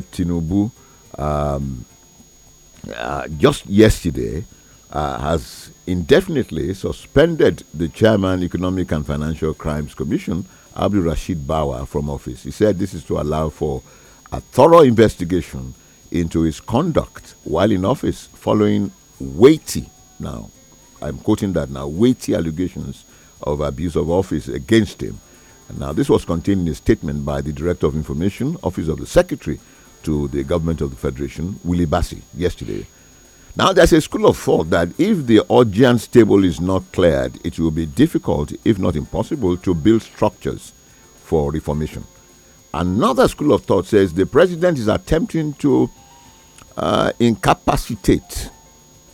Tinubu um, uh, just yesterday uh, has indefinitely suspended the chairman, Economic and Financial Crimes Commission, Abdul Rashid Bawa, from office. He said this is to allow for a thorough investigation into his conduct while in office following weighty, now, I'm quoting that now, weighty allegations of abuse of office against him. Now, this was contained in a statement by the Director of Information, Office of the Secretary to the government of the Federation, Willie Bassi, yesterday. Now, there's a school of thought that if the audience table is not cleared, it will be difficult, if not impossible, to build structures for reformation. Another school of thought says the president is attempting to uh, incapacitate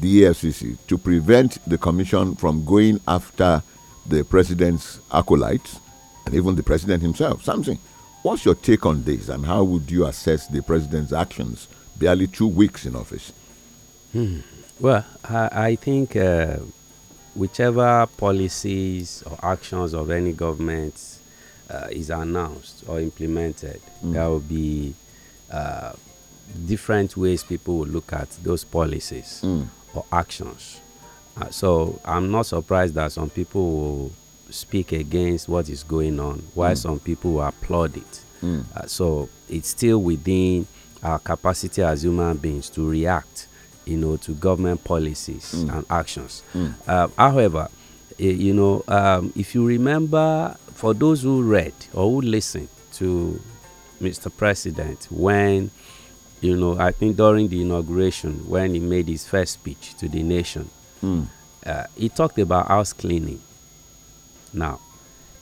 the EFCC to prevent the commission from going after the president's acolytes and even the president himself, Something What's your take on this, and how would you assess the president's actions barely two weeks in office? Hmm. Well, I, I think uh, whichever policies or actions of any government uh, is announced or implemented, mm. there will be uh, different ways people will look at those policies mm. or actions. Uh, so I'm not surprised that some people will speak against what is going on, while mm. some people applaud it. Mm. Uh, so it's still within our capacity as human beings to react, you know, to government policies mm. and actions. Hmm. Uh, however, eh, you know, um, if you remember, for those who read or who listened to Mr. President when, you know, I think during the inauguration when he made his first speech to the nation, hmm. uh, he talked about house cleaning now,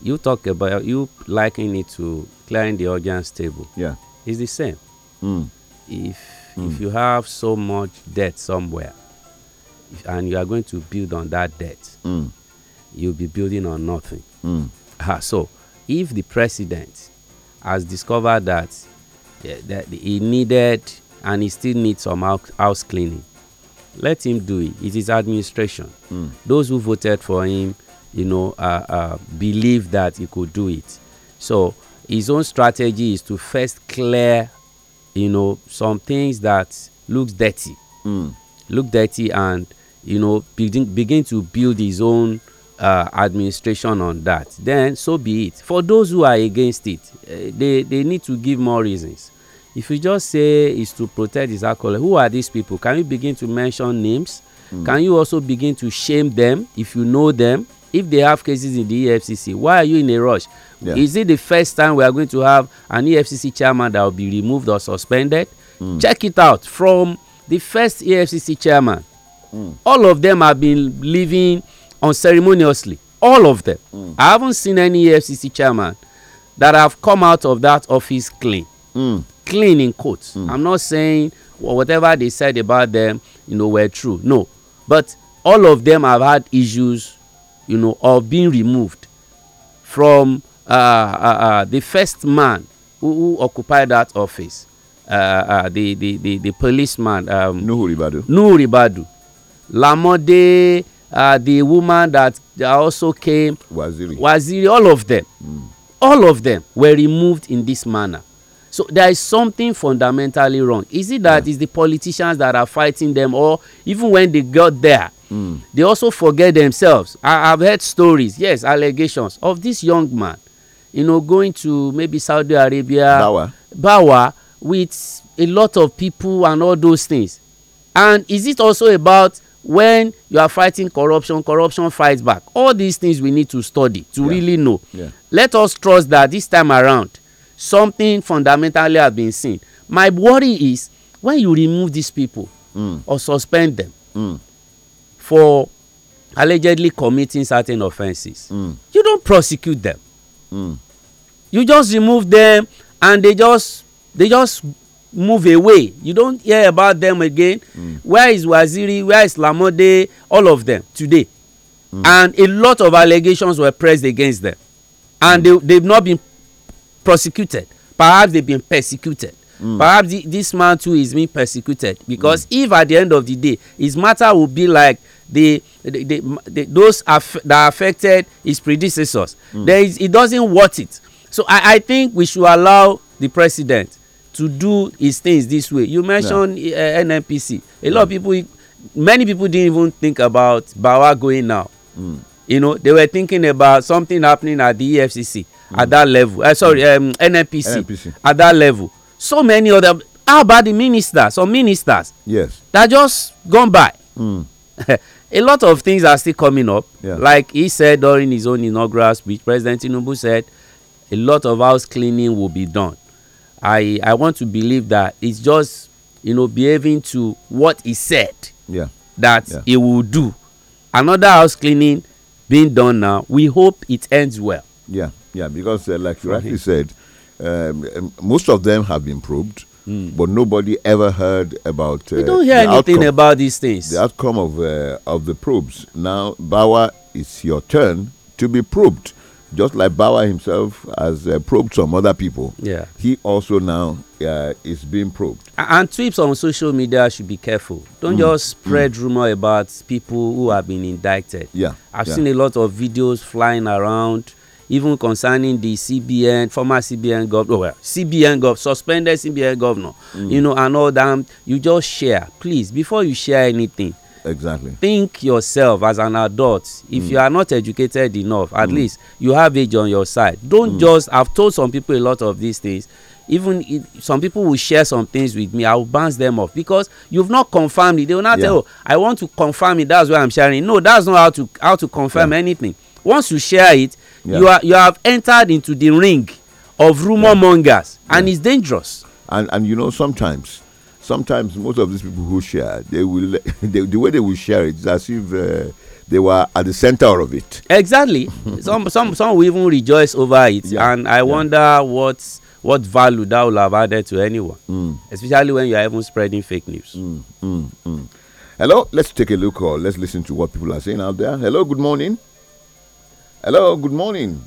you talk about you liking it to clearing the audience table. Yeah, it's the same. Mm. If mm. if you have so much debt somewhere, and you are going to build on that debt, mm. you'll be building on nothing. Uh, so, if the president has discovered that, that he needed and he still needs some house cleaning, let him do it. It is administration. Mm. Those who voted for him you know, uh, uh, that he could do it. So his own strategy is to first clear, you know, some things that looks dirty, mm. look dirty, and you know, begin begin to build his own. Uh, administration on that then so be it for those who are against it uh, they they need to give more reasons if you just say it's to protect his alcohol who are these people can you begin to mention names mm. can you also begin to shame them if you know them if they have cases in the efcc why are you in a rush yeah. is it the first time we are going to have an efcc chairman that will be removed or suspended mm. check it out from the first efcc chairman mm. all of them have been leaving unceremoniously all of them mm. i haven't seen any efcc chairman that have come out of that office clean hmm. clean in quotes hmm. i'm not saying whatever they said about them you know were true no but all of them have had issues you know, or being removed from uh, uh, uh, the first man who, who, occupied that office, uh, uh, the, the, the, the, policeman. Um, Nuhu Ribadu. Nuhu Ribadu. Lamode, the woman that also came. Waziri. Waziri, all of them. Mm. All of them were removed in this manner. So there is something fundamentally wrong. Is it that yeah. it's the politicians that are fighting them, or even when they got there, Mm. They also forget themselves. I, have heard stories, yes, allegations of this young man, you know, going to maybe Saudi Arabia, Bawa, Bawa with a lot of people and all those things. And is it also about when you are fighting corruption, corruption fights back? All these things we need to study to yeah. really know. Yeah. Let us trust that this time around, something fundamentally has been seen. My worry is when you remove these people mm. or suspend them. Mm for allegedly committing certain offences mm. you don't prosecute them mm. you just remove them and they just they just move away you don't hear about them again mm. where is waziri where is lamode all of them today mm. and a lot of allegations were pressed against them and mm. they they've not been prosecuted perhaps they've been persecuted Mm. perhaps this man too is being persecuted because mm. if at the end of the day his matter will be like the, the, the, the those aff that affected his predecessors. Mm. it doesn't worth it. So I, I think we should allow the president to do his things this way. You mentioned yeah. uh, NNPC. A lot of people, many people didn't even think about Bawa going now. Mm. You know, they were thinking about something happening at the EFCC mm. at that level. Uh, sorry, hmm. um, NNPC, NNPC at that level. So many other. How about the ministers or ministers? Yes. That just gone by. Mm. a lot of things are still coming up. Yeah. Like he said during his own inaugural speech, President Tinubu said a lot of house cleaning will be done. I I want to believe that it's just you know behaving to what he said. Yeah. That yeah. he will do. Another house cleaning being done now. We hope it ends well. Yeah, yeah, because uh, like you rightly said, um, um, most of them have been probed. Mm. But nobody ever heard about. Uh, we don't hear anything outcome, about these things. The outcome of uh, of the probes. Now, Bauer, it's your turn to be probed. Just like Bauer himself has uh, probed some other people. Yeah. He also now uh, is being probed. And tweets on social media should be careful. Don't mm. just hmm. spread mm. rumor about people who have been indicted. Yeah. I've yeah. seen a lot of videos flying around even concerning the cbn former cbn governor oh, well cbn gov suspended cbn governor mm. you know and all that you just share please before you share anything exactly think yourself as an adult if mm. you are not educated enough at mm. least you have age on your side don't mm. just i've told some people a lot of these things even if some people will share some things with me i will bounce them off because you've not confirmed it they will not yeah. tell oh, i want to confirm it that's why i'm sharing no that's not how to how to confirm yeah. anything once you share it yeah. you are you have entered into the ring of rumor yeah. mongers and it's dangerous and and you know sometimes sometimes most of these people who share they will they, the way they will share it is as if uh, they were at the center of it exactly some some some will even rejoice over it yeah. and i wonder what what value that will have added to anyone mm. especially when you are even spreading fake news mm, mm, mm. hello let's take a look or let's listen to what people are saying out there hello good morning Hello, good morning.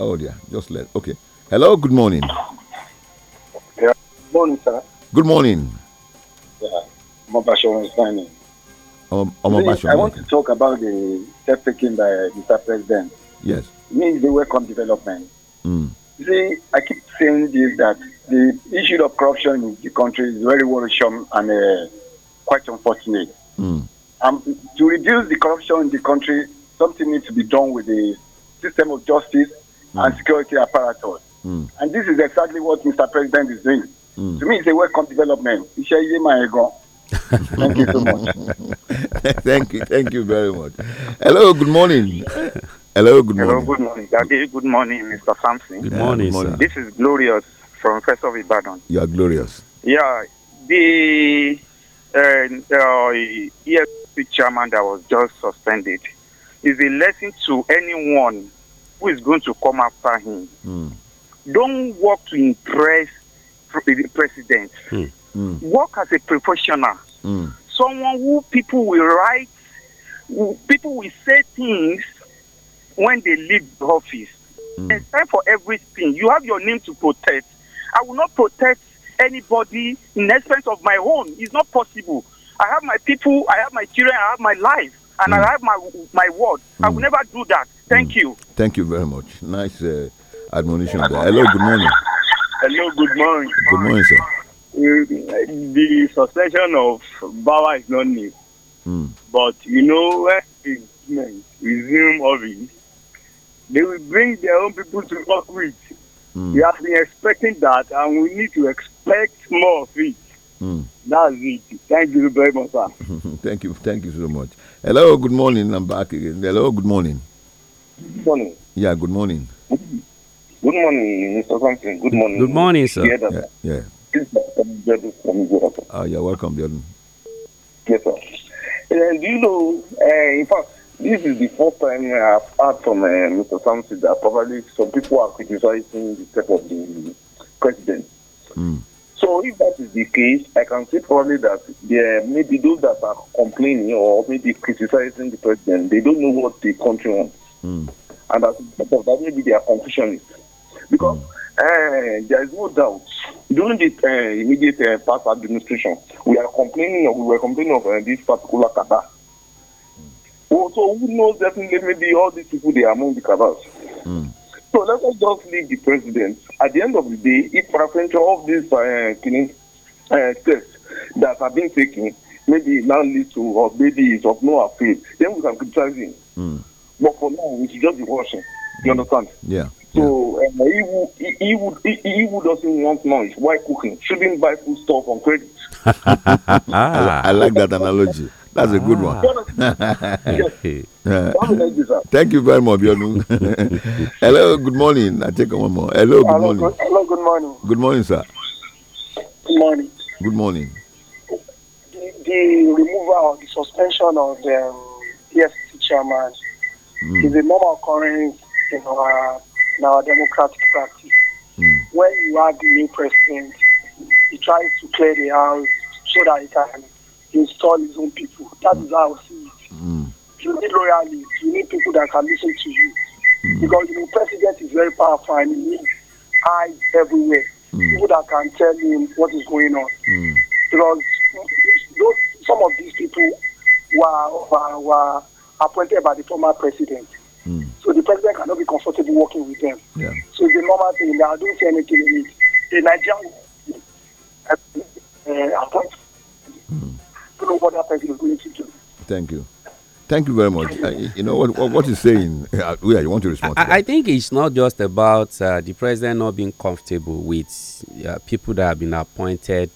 Oh dear, just let. Okay. Hello, good morning. Yeah. Morning, sir. Good morning. Yeah, Um, um, See, I want to talk about the step taken by Mr. President. Yes. It means the welcome development. Mm. See, I keep saying this that the issue of corruption in the country is very worrisome and uh, quite unfortunate. Mm. Um, to reduce the corruption in the country something needs to be done with the system of justice mm. and hmm. security apparatus. Mm. And this is exactly what Mr. President is doing. Hmm. To me, it's a welcome development. thank you so much. thank you, thank you very much. Hello, good morning. Hello, good morning. Hello, good morning, Daddy. Good morning, Mr. Sampson. Good morning, good morning. This is Glorious from First of Ibadan. You are glorious. Yeah, the uh, uh, chairman that was just suspended is a lesson to anyone who is going to come after him. Mm. Don't work to impress the president. Mm. Mm. Work as a professional, hmm. someone who people will write, people will say things when they leave the office. Hmm. It's time for everything. You have your name to protect. I will not protect anybody in expense of my own. It's not possible. I have my people. I have my children. I have my life and mm. I have my my word. Mm. I will mm. never do that. Thank mm. you. Thank you very much. Nice uh, admonition there. Hello, good morning. Hello, good morning. Good morning, sir. Mm, the suspension of Baba is not new, mm. but you know when the government resume office, they will bring their own people to work with. We have been expecting that, and we need to expect more of it. Mm. That's it. Thank you very much, sir. thank you. Thank you so much. Hello, good morning. I'm back again. Hello, good morning. Good morning. Yeah, good morning. Good morning, Mr. Thompson. Good morning. Good morning, sir. Yeah. yeah. Ah, you're welcome, Jordan. Yes, sir. Eh, do you know, uh, in fact, this is the first time I've heard from uh, eh, Mr. Thompson that probably some people are criticizing the step of the president. Mm. So if that is the case, I can say probably that yeah, maybe those that are complaining or maybe criticizing the president, they don't know what the country wants. Mm. And as of that, maybe they are confusionists. Because mm. uh, there is no doubt, during the uh, immediate uh, past administration, we are complaining of, we were complaining of uh, this particular Qatar. Mm. Oh, who knows definitely maybe all these people, they are among the Qatars. So let us just leave the president. At the end of the day, if for example all these uh, cleaning, uh, steps that have been taken, maybe now leads to or maybe it's of no appeal. then we can criticize him. Mm. But for now, we should just be watching. You understand? Yeah. So yeah. Um, he he, he would he, he would doesn't want noise. Why cooking? Shouldn't buy food stuff on credit. I, I like that analogy. That's ah. a good one. Ah. thank you very much, Bionu. hello, good morning. I take one more. Hello, good morning. Hello, good, hello, good morning. Good morning, sir. Good morning. Good morning. The, the removal, the suspension of the um, PSC chairman mm. is a normal occurrence in our, in our democratic practice. Mm. When you have the new president, he tries to clear the house so that he can install his own people. That is how I see it. Mm. You need loyalty. You need people that can listen to you. Mm. Because the you know, president is very powerful and he needs eyes everywhere. Mm. People that can tell him what is going on. Mm. Because those, some of these people were, were, were appointed by the former president. Mm. So the president cannot be comfortable working with them. Yeah. So it's a normal thing. I don't see anything in it. The Nigerian uh, know what happens in Green City. Thank you. Thank you very much. Uh, you know what what, what he's saying. Uh, yeah, you want to respond? I, to I, think it's not just about uh, the president not being comfortable with uh, people that have been appointed,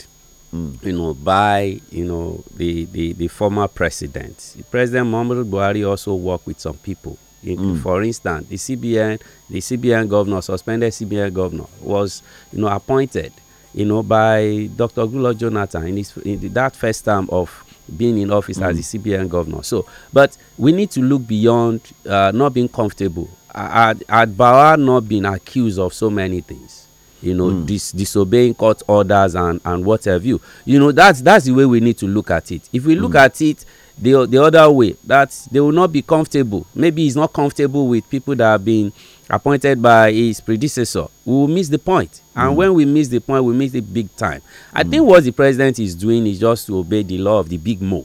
mm. you know, by you know the the, the former president. President Muhammadu Buhari also worked with some people. In, mm. For instance, the CBN the CBN governor suspended CBN governor was you know appointed you know, by Dr. Gulo Jonathan in, his, in that first term of being in office mm. as the mm. CBN governor. So, but we need to look beyond uh, not being comfortable. Had, had not been accused of so many things, you know, mm. dis disobeying court orders and and what have you, you know, that's that's the way we need to look at it. If we look mm. at it the the other way, that they will not be comfortable. Maybe he's not comfortable with people that have been appointed by his predecessor we will miss the point and mm. when we miss the point we miss the big time i mm. think what the president is doing is just to obey the law of the big mo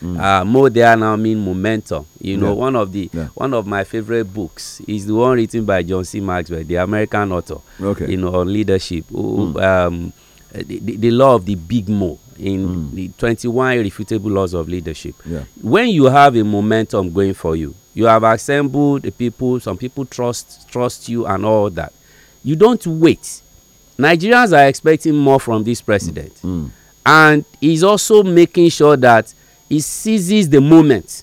mm. uh, mo there now mean momentum you know yeah. one of the yeah. one of my favorite books is the one written by john c maxwell the american author okay. you know on leadership mm. um, the, the, the law of the big mo in mm. the 21 irrefutable laws of leadership. Yeah. When you have a momentum going for you, you have assembled the people, some people trust trust you and all that. You don't wait. Nigerians are expecting more from this president. Mm. And he's also making sure that he seizes the moment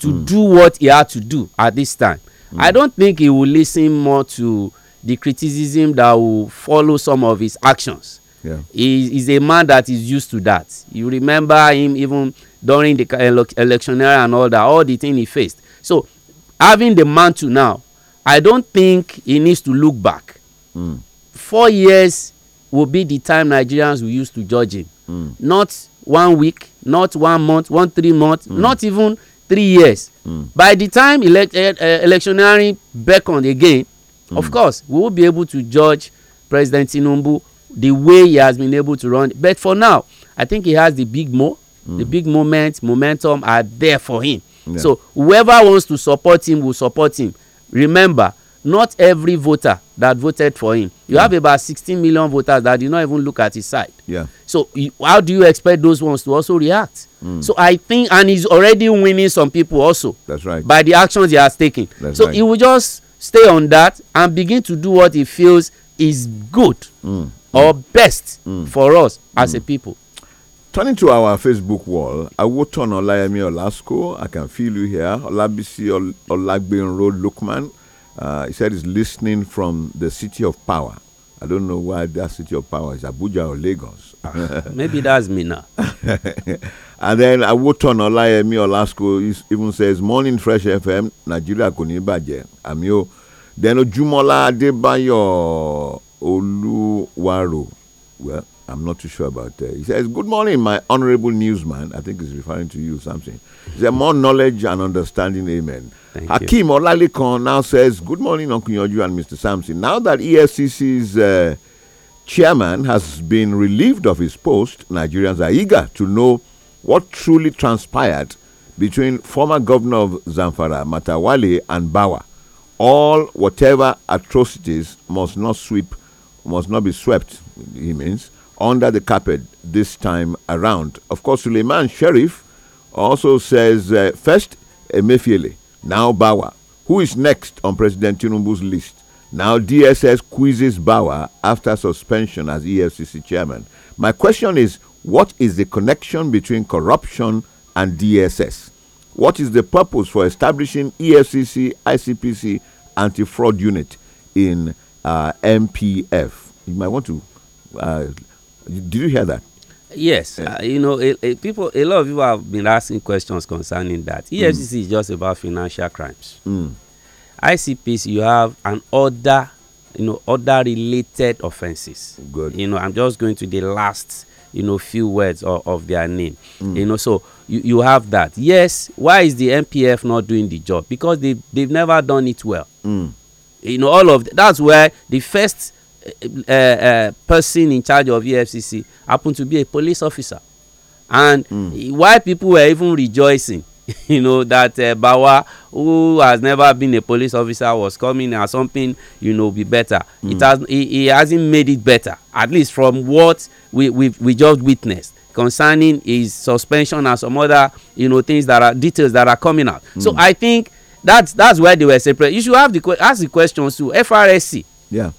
to mm. do what he had to do at this time. Hmm. I don't think he will listen more to the criticism that will follow some of his actions yeah. He is a man that is used to that. You remember him even during the electionary and all that, all the thing he faced. So having the mantle now, I don't think he needs to look back. Mm. Four years will be the time Nigerians will use to judge him. Mm. Not one week, not one month, one three months, mm. not even three years. Hmm. By the time elect, uh, eh, eh, electionary beckoned again, hmm. of course, we will be able to judge President Tinubu the way he has been able to run. But for now, I think he has the big mo. Mm. The big moments, momentum are there for him. Yeah. So whoever wants to support him will support him. Remember, not every voter that voted for him. You yeah. Mm. have about 16 million voters that did not even look at his side. Yeah. So how do you expect those ones to also react? Mm. So I think, and he's already winning some people also. That's right. By the actions he has taken. That's so right. he will just stay on that and begin to do what he feels is good. Mm or mm. best mm. for us as a mm. people. Turning to our Facebook wall, I on Olayemi Olasco. I can feel you here. Olabisi Ol Road, Lukman, uh, he said he's listening from the city of power. I don't know why that city of power is Abuja or Lagos. Ah, maybe that's me now. and then I Awoton Olasco. He even says, Morning Fresh FM, Nigeria Kuni bàjẹ́. Àmì o. Then Ojumola Adebayo Oluwaro. Well, I'm not too sure about that. He says, Good morning, my honorable newsman. I think he's referring to you, something. He said, More knowledge and understanding, amen. Thank Hakim Olalikon now says, Good morning, Uncle Yoju and Mr. Sampson. Now that ESCC's uh, chairman has been relieved of his post, Nigerians are eager to know what truly transpired between former governor of Zamfara, Matawale, and Bawa. All whatever atrocities must not sweep must not be swept, he means, under the carpet this time around. Of course, Suleiman Sheriff also says uh, first Emefiele, now Bawa. Who is next on President Tinubu's list? Now DSS quizzes Bawa after suspension as EFCC chairman. My question is what is the connection between corruption and DSS? What is the purpose for establishing EFCC ICPC anti fraud unit in uh, MPF. You might want to. Uh, did you hear that? Yes, uh, you know, a, a, people, a lot of people have been asking questions concerning that. EFCC mm. is just about financial crimes. Mm. ICPs, you have an order, you know, other related offenses. Good. You know, I'm just going to the last, you know, few words of, of their name. Mm. You know, so you, you have that. Yes, why is the MPF not doing the job? Because they, they've never done it well. Mm you know all of the, that's where the first uh, uh, person in charge of efcc happened to be a police officer and mm. why people were even rejoicing you know that uh, bawa who has never been a police officer was coming and something you know be better mm. it has he, he, hasn't made it better at least from what we we we just witnessed concerning his suspension and some other you know things that are details that are coming out mm. so hmm. i think that's that's why they were separate you should have the ask the questions to frsc yeah,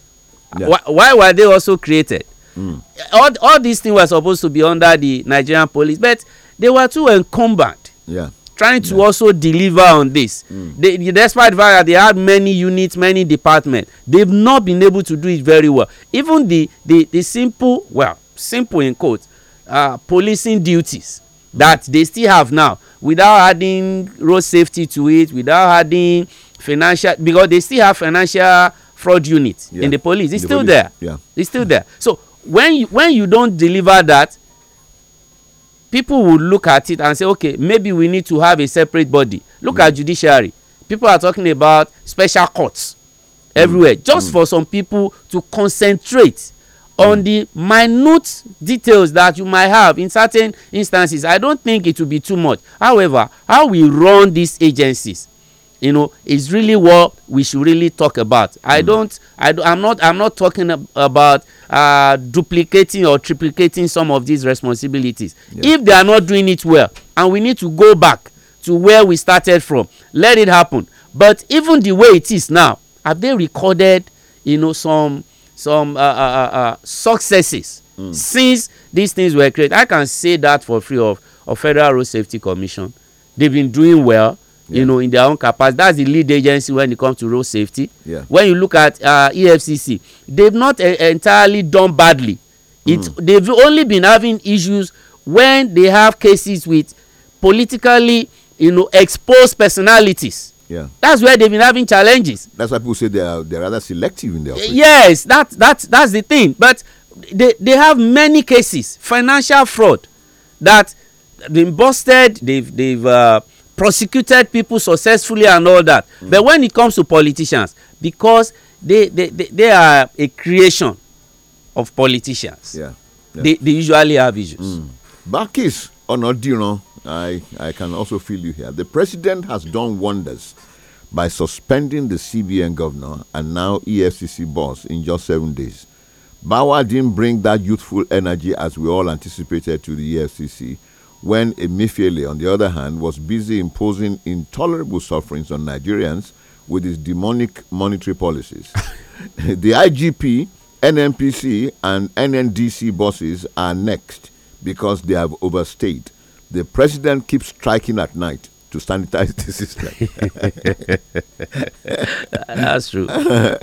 yeah. Why, why, were they also created mm. all, all these things were supposed to be under the nigerian police but they were too encumbered yeah trying to yeah. also deliver on this mm. they, despite the fact that they had many units many departments they've not been able to do it very well even the the, the simple well simple in quotes uh, policing duties that they still have now without adding road safety to it without adding financial because they still have financial fraud unit yeah. in the police it's the still police. there yeah. it's still there so when you when you don't deliver that people will look at it and say okay maybe we need to have a separate body look mm. at judiciary people are talking about special courts everywhere mm. just mm. for some people to concentrate on the minute details that you might have in certain instances i don't think it will be too much however how we run these agencies you know is really what we should really talk about mm. i don't i do, i'm not i'm not talking ab about uh, duplicating or triplicating some of these responsibilities yeah. if they are not doing it well and we need to go back to where we started from let it happen but even the way it is now have they recorded you know some some uh uh, uh, uh, successes mm. since these things were created. I can say that for free of, of Federal Road Safety Commission. They've been doing well, yeah. you know, in their own capacity. That's the lead agency when it comes to road safety. Yeah. When you look at uh, EFCC, they've not entirely done badly. It, mm. They've only been having issues when they have cases with politically, you know, exposed personalities yeah. That's where they've been having challenges. That's why people say they are they're rather selective in their Yes, that that's that's the thing. But they they have many cases, financial fraud that been busted, they've they've uh, prosecuted people successfully and all that. Mm. But when it comes to politicians, because they they, they, they are a creation of politicians. Yeah. yeah. They, they usually have issues. Mm. Bakis Onodiran I, I can also feel you here. The president has done wonders by suspending the CBN governor and now EFCC boss in just seven days. Bauer didn't bring that youthful energy as we all anticipated to the EFCC, when Emefiele, on the other hand, was busy imposing intolerable sufferings on Nigerians with his demonic monetary policies. the IGP, NMPC, and NNDC bosses are next because they have overstayed the president keeps striking at night to sanitize the system. That's true.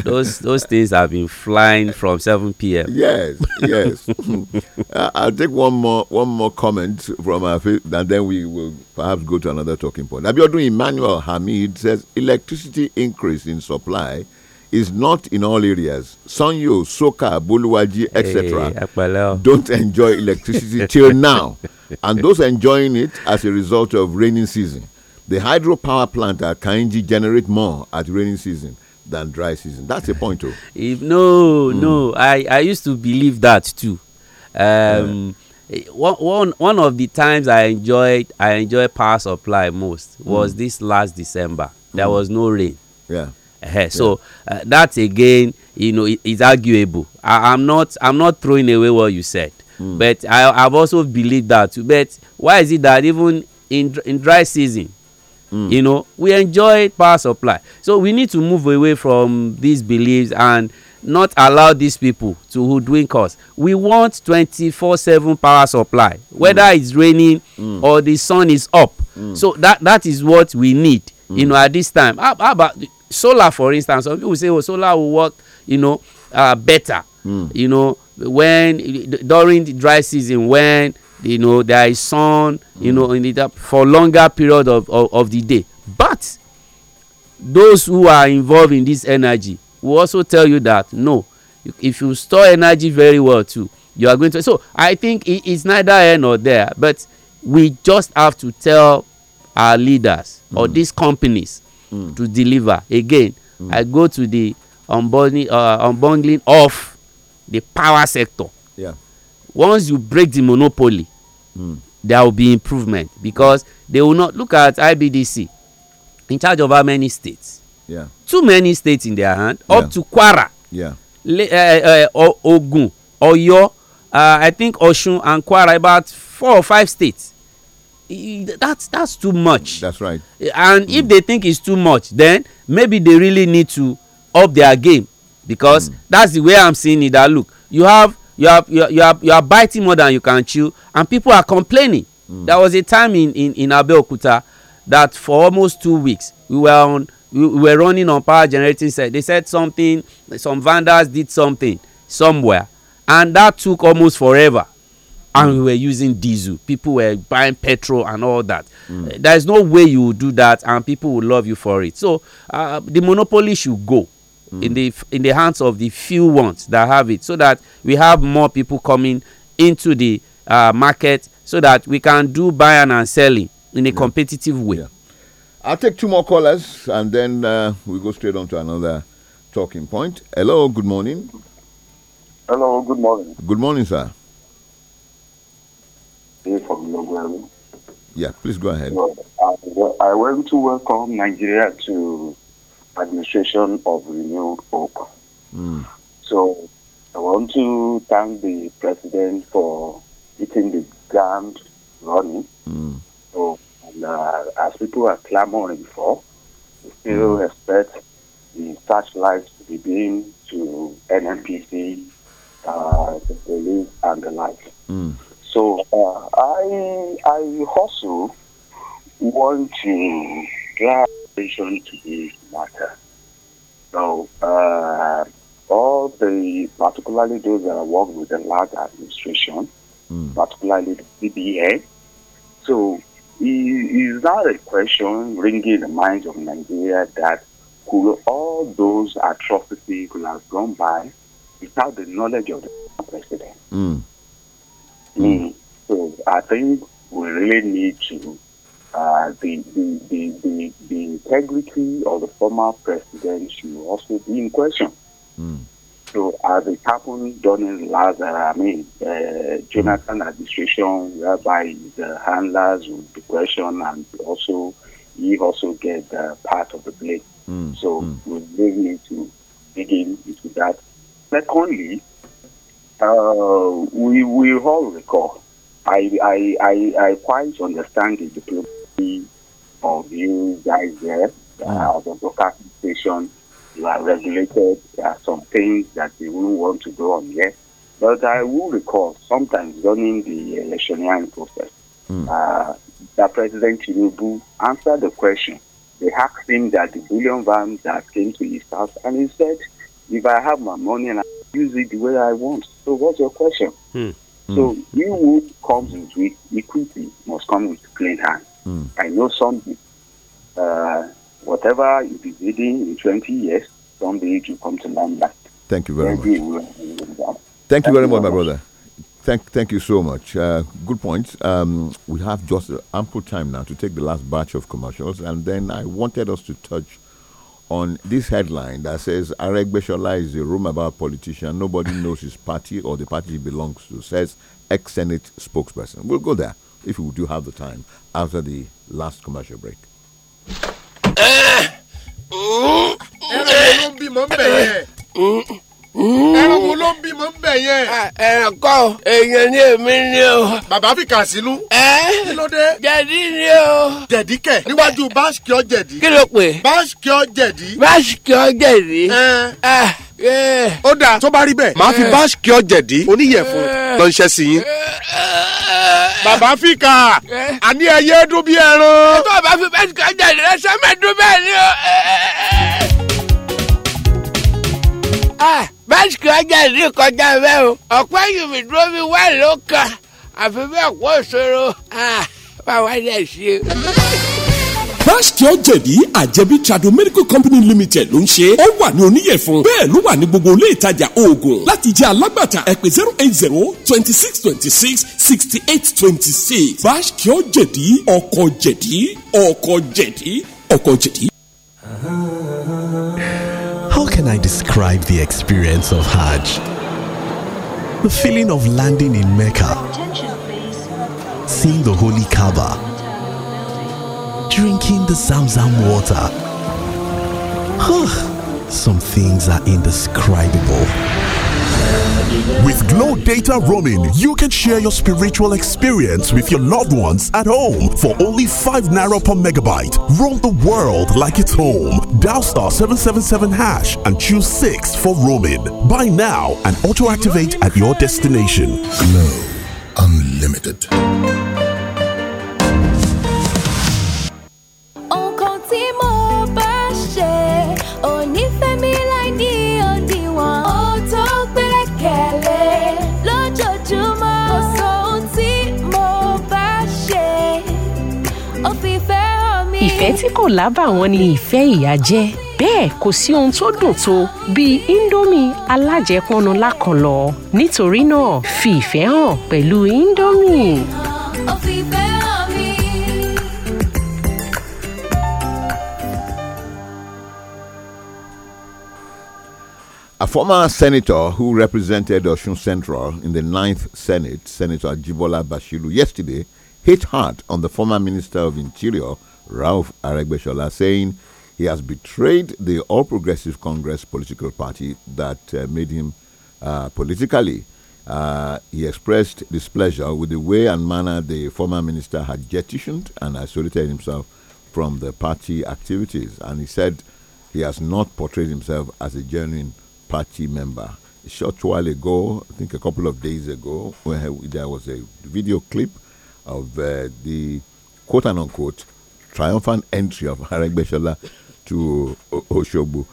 Those those things have been flying from 7 p.m. Yes, yes. I'll take one more one more comment from our and then we will perhaps go to another talking point. Abiodun Emmanuel Hamid says electricity increase in supply is not in all areas. Sanyo, Soka, Buluwaji, etc. Hey, don't enjoy electricity till now. and those enjoying it as a result of rainy season. The hydropower plant at Kainji generate more at rainy season than dry season. That's a point, though. Oh. If, no, mm. no, I, I used to believe that too. Um, eh, one, one, one of the times I enjoyed I enjoyed power supply most was hmm. this last December. There mm. was no rain. Yeah. Uh, so yeah. Uh, that again, you know, it, it's arguable. I, I'm not I'm not throwing away what you said. Mm. But I, I've also believed that too. But why is it that even in, in dry season, Mm. you know we enjoy power supply so we need to move away from these beliefs and not allow these people to hoodwink us we want 24 7 power supply whether mm. it's raining mm. or the sun is up hmm. so that that is what we need you hmm. know at this time how, how, about solar for instance some people say oh solar will work you know uh, better hmm. you know when during the dry season when you know there is sun you know in the for longer period of, of, of the day but those who are involved in this energy will also tell you that no if you store energy very well too you are going to so i think it, it's neither here nor there but we just have to tell our leaders mm. or these companies mm. to deliver again mm. i go to the unbundling, uh, unbundling of the power sector yeah. once you break the monopoly mm. there will be improvement because they will not look at ibdc in charge of how many states yeah. too many states in their hand yeah. up to kwara yeah. uh, uh, ogun oyo uh, i think osun and kwara about four or five states that's that's too much that's right and mm. if hmm. they think it's too much then maybe they really need to up their game because mm. that's the way i'm seeing it that look you have you are you are, you are, biting more than you can chew and people are complaining mm. there was a time in in in abeokuta that for almost two weeks we were on we were running on power generating set they said something some vendors did something somewhere and that took almost forever and mm. we were using diesel people were buying petrol and all that mm. there is no way you do that and people will love you for it so uh, the monopoly should go in the in the hands of the few ones that have it so that we have more people coming into the uh, market so that we can do buying and selling in a yeah. competitive way yeah. i'll take two more callers and then uh, we go straight on to another talking point hello good morning hello good morning good morning sir yeah please go ahead well, I, I want to welcome nigeria to administration of Renewed Hope. Mm. So I want to thank the president for hitting the ground running. Mm. So, and, uh, as people are clamoring for, we still mm. expect the searchlights to be being to NMPC, uh, the police, and the like. Mm. So uh, I I also want to drive to be matter. So, uh, all the, particularly those that work with the last administration, mm. particularly the CBA, so is, that a question ringing in the minds of Nigeria that could all those atrocities could have gone by without the knowledge of the president? Mm. Mm. So I think we really need to the, the, the, the, the integrity of the former president should also be in question. Mm. So, as it happened during last, I mean, uh, Jonathan administration, whereby the handlers would be questioned and also he also get uh, part of the blame. Mm. So, mm. we really need to dig into that. Secondly, uh, we we all recall. I I I, I quite understand the diplomacy see of you guys there. Uh, the broadcasting ah. station, you are regulated. There are some things that you wouldn't want to go on yet. But I will recall sometimes during the electioneering process, mm. uh, that President Tinubu answered the question. They asked him that the billion van that came to his house, and he said, If I have my money and I use it the way I want, so what's your question? Mm. So, mm. he who comes with equity must come with clean hands. Mm. I know something. uh, whatever you been reading in 20 years, someday it will come to that. Thank you very Maybe much. thank, thank, you very much, much, my brother. Thank, thank you so much. Uh, good point. Um, we have just ample time now to take the last batch of commercials, and then I wanted us to touch on this headline that says Areg Beshola is a room about politician. Nobody knows his party or the party he belongs to, says ex Senate spokesperson. We'll go there if we do have the time. after the last commercial break. ẹran wo ló ń bímọ ń yẹn. ẹran wo ló ń bímọ ń yẹn. Ah, ẹran kọ́ èèyàn ní èmi ni o. bàbá fi kà sínú. ẹ kí ló dé. jẹ̀dí ni o. jẹ̀dí kẹ̀ níwájú báṣkìọ́ jẹ̀dí. kí ló pè. báṣkìọ́ jẹ̀dí. báṣkìọ́ jẹ̀dí. Ah, eh. ó dáa tó bá rí bẹ́ẹ̀ máa fi eh. báṣkìọ́ jẹ̀dí oníyẹ̀fun tó ń ṣẹ́ sí yín. bàbá fìkà àní ẹyẹ dún bí ẹran. ẹjọ́ bá fi bẹ́ẹ̀ ká jẹ́ ìrẹsẹ́ mẹ́ẹ̀ẹ́dún bẹ́ẹ̀ ni o. bẹ́ẹ̀ kí ọjà ìdí kọjá bẹ́ẹ̀ o ọ̀pẹ́ yìí mi dúró mi wá ló àfi bẹ́ẹ̀ kó ìṣòro báwa dẹ̀ ṣe dash cure jẹ̀dí àjẹbí trado medical company limited ló ń ṣe ó wà ní oníyẹ̀fún bẹ́ẹ̀ ló wà ní gbogbo ilé ìtajà oògùn láti jẹ́ alágbàtà ẹ zero eight zero twenty six twenty six sixty eight twenty six dash cure jẹ̀dí ọkọ̀ jẹ̀dí ọkọ̀ jẹ̀dí ọkọ̀ jẹ̀dí. How can I describe the experience of Hajj? The feeling of landing in Mecca, seeing the holy Kaaba drinking the Zamzam water. Some things are indescribable. With Glow Data Roaming, you can share your spiritual experience with your loved ones at home for only 5 naira per megabyte. Roam the world like it's home. Dial star 777 hash and choose 6 for roaming. Buy now and auto activate at your destination. Glow Unlimited. tí kò lábàwọ́n ni ìfẹ́ ìyá jẹ́ bẹ́ẹ̀ kò sí ohun tó dùn tó bíi indomie alájẹpọnu lákànlọ́ nítorí náà fi ìfẹ́ hàn pẹ̀lú indomie. A former senator who represented Osun Central in the 9th Senate, Senator Jibola Bashiru, yesterday hit hard on the former Minister of Interior, Ralph Aregbeshola, saying he has betrayed the All Progressive Congress political party that uh, made him uh, politically. Uh, he expressed displeasure with the way and manner the former minister had jettisoned and isolated himself from the party activities. And he said he has not portrayed himself as a genuine party member. A short while ago, I think a couple of days ago, there was a video clip of uh, the quote and unquote triumphant entry of Aregbeshola to Oshogbo.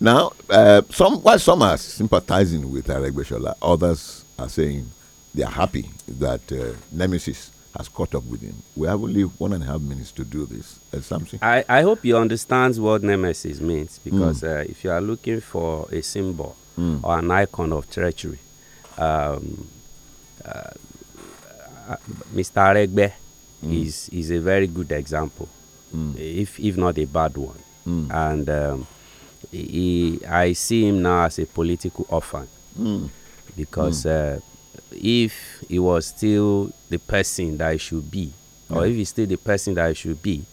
Now, uh, some while some are sympathizing with Aregbeshola, others are saying they are happy that uh, Nemesis has caught up with him. We have only one and a half minutes to do this. Uh, something. I, I hope you understand what Nemesis means because mm. uh, if you are looking for a symbol mm. or an icon of treachery, um, uh, uh, Mr. Aregbe Mm. He's is a very good example, mm. if if not a bad one. Mm. And um, he, I see him now as a political orphan because uh, if he was still the person that he should be, yeah. or if he's still the person that he should be,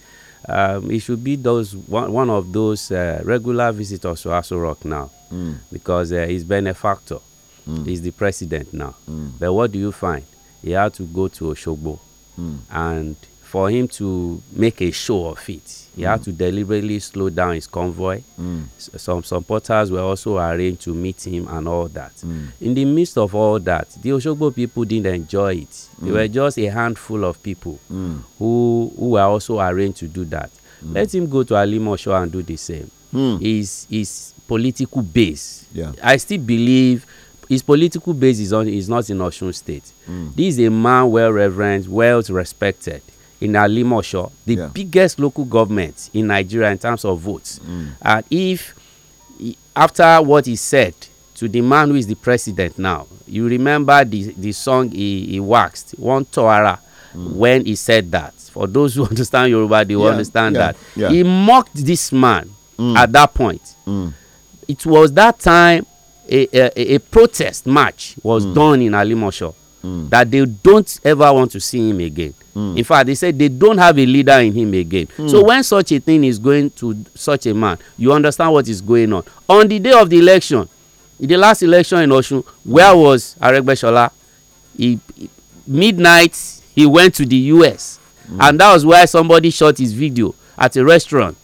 um, it should be those one, one of those uh, regular visitors to Aso Rock now, mm. because uh, he's benefactor, mm. he's the president now. Mm. But what do you find? He had to go to Oshogbo Mm. And for him to make a show of it, he mm. had to deliberately slow down his convoy. Mm. Some supporters were also arranged to meet him and all that. Mm. In the midst of all that, the Oshogbo people didn't enjoy it. They mm. were just a handful of people mm. who, who were also arranged to do that. Let him go to Alimosho and do the same. Hmm. His, his political base. Yeah. I still believe his political base is, on, is not in Osun State. Mm. This is a man well reverenced, well respected in Alimosho, the yeah. biggest local government in Nigeria in terms of votes. Mm. And if after what he said to the man who is the president now, you remember the, the song he, he waxed, One Toara, mm. when he said that. For those who understand Yoruba, they will yeah, understand yeah, that. He mocked this man mm. at that point. Mm. It was that time a, a, protest march was mm. done in alimosho mm. that they don't ever want to see him again mm. in fact they said they don't have a leader in him again hmm. so when such a thing is going to such a man you understand what is going on on the day of the election in the last election in osun where was aregbesola he, he midnight he went to the us hmm. and that was why somebody shot his video at a restaurant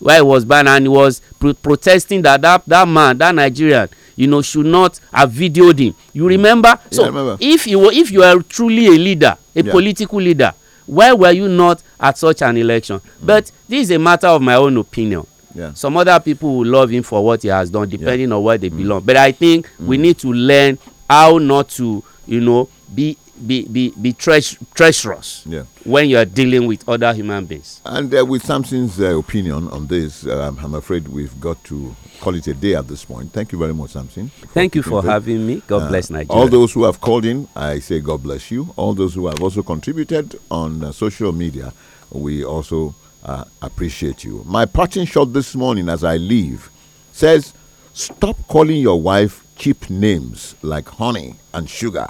where he was banned and he was pro protesting that, that that man that nigerian you know should not have videoed him you mm. remember yeah, so remember. if you were if you are truly a leader a yeah. political leader why were you not at such an election mm. but this is a matter of my own opinion yeah. some other people will love him for what he has done depending on where they mm. belong but i think we mm. need to learn how not to you know be be be be treacherous yeah. when you are dealing with other human beings. And uh, with Samson's uh, opinion on this, uh, I'm afraid we've got to call it a day at this point. Thank you very much, Samson. Thank you for having me. God uh, bless Nigeria. All those who have called in, I say God bless you. All those who have also contributed on uh, social media, we also uh, appreciate you. My parting shot this morning as I leave says, "Stop calling your wife cheap names like honey and sugar."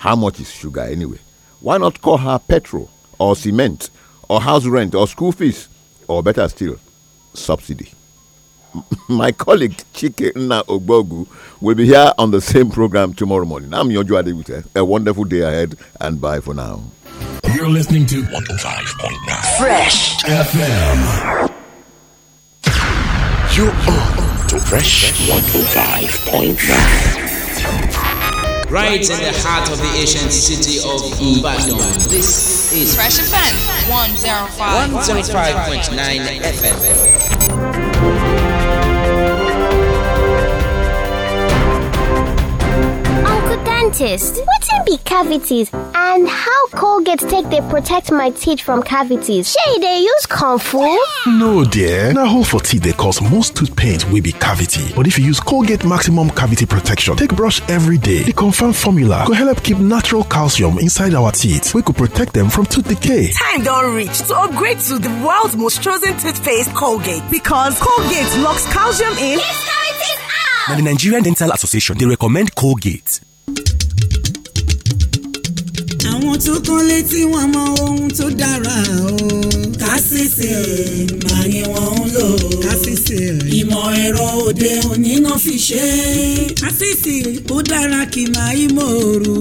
How much is sugar anyway? Why not call her petrol or cement or house rent or school fees or better still, subsidy? My colleague Chike Nna Ogbogu will be here on the same program tomorrow morning. I'm Yonjo Adewute. A wonderful day ahead and bye for now. You're listening to 105.9 Fresh FM. You are on to Fresh 105.9 right in the heart of the ancient city of Ibadan. This is Fresh FM 105.9 105. 105. FM. dentist. in be cavities and how Colgate take they protect my teeth from cavities? Shay, they use use fu. No dear, na hole for teeth they cause most tooth pains will be cavity. But if you use Colgate maximum cavity protection take brush every day, the confirmed formula go help keep natural calcium inside our teeth We could protect them from tooth decay. Time don't reach to upgrade to the world's most chosen toothpaste Colgate because Colgate locks calcium in. Now, the Nigerian Dental Association, they recommend Colgate. àwọn tó kán létí wọn mọ ohun tó dára o. kásìsì mà ni wọ́n ń lò. kásìsì ìmọ̀ ẹ̀rọ òde òní náà fi ṣe. kásìsì ó dára kì máa í mòrú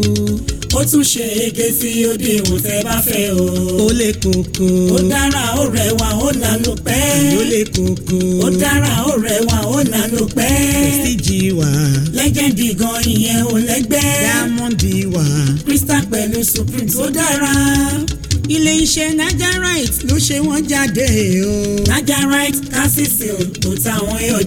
ó tún ṣe ege sí odi ìwòsàn bá fẹ́ o. ó lè kunkun. ó dára ó rẹwà ó lànà pẹ́. ó lè kunkun. ó dára ó rẹwà ó lànà pẹ́. prestige wa legend gan ìyẹn ò lẹ́gbẹ́. diamond wà. crystal pẹ̀lú supreme tó dára ilé iṣẹ́ Nigerite ló ṣe wọ́n jáde o. Nigerite calcium kò táwọn yọ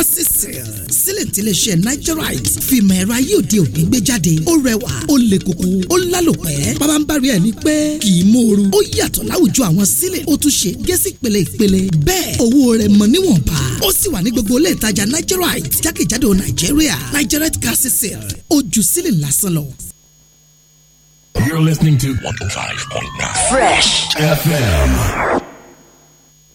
material sílẹ̀ tí iléeṣẹ́ nigerite fìmọ̀ ẹ̀rọ ayé òde òní gbé jáde ó rẹwà ó le koko ó lálòpẹ́ bàbá ń bá rí ẹ̀ ní pẹ́ kì í mòoru ó yàtọ̀ láwùjọ àwọn sílẹ̀ ó tún ṣe gẹ́sì pèlè ìpèlè bẹ́ẹ̀ owó rẹ̀ mọ̀ níwọ̀nba ó sì wà ní gbogbo ilé ìtajà nigerite jákèjádò nàìjíríà nigerite gas sale ojú sílẹ̀ lásán lọ. You're listening to 105.9 Fresh FM.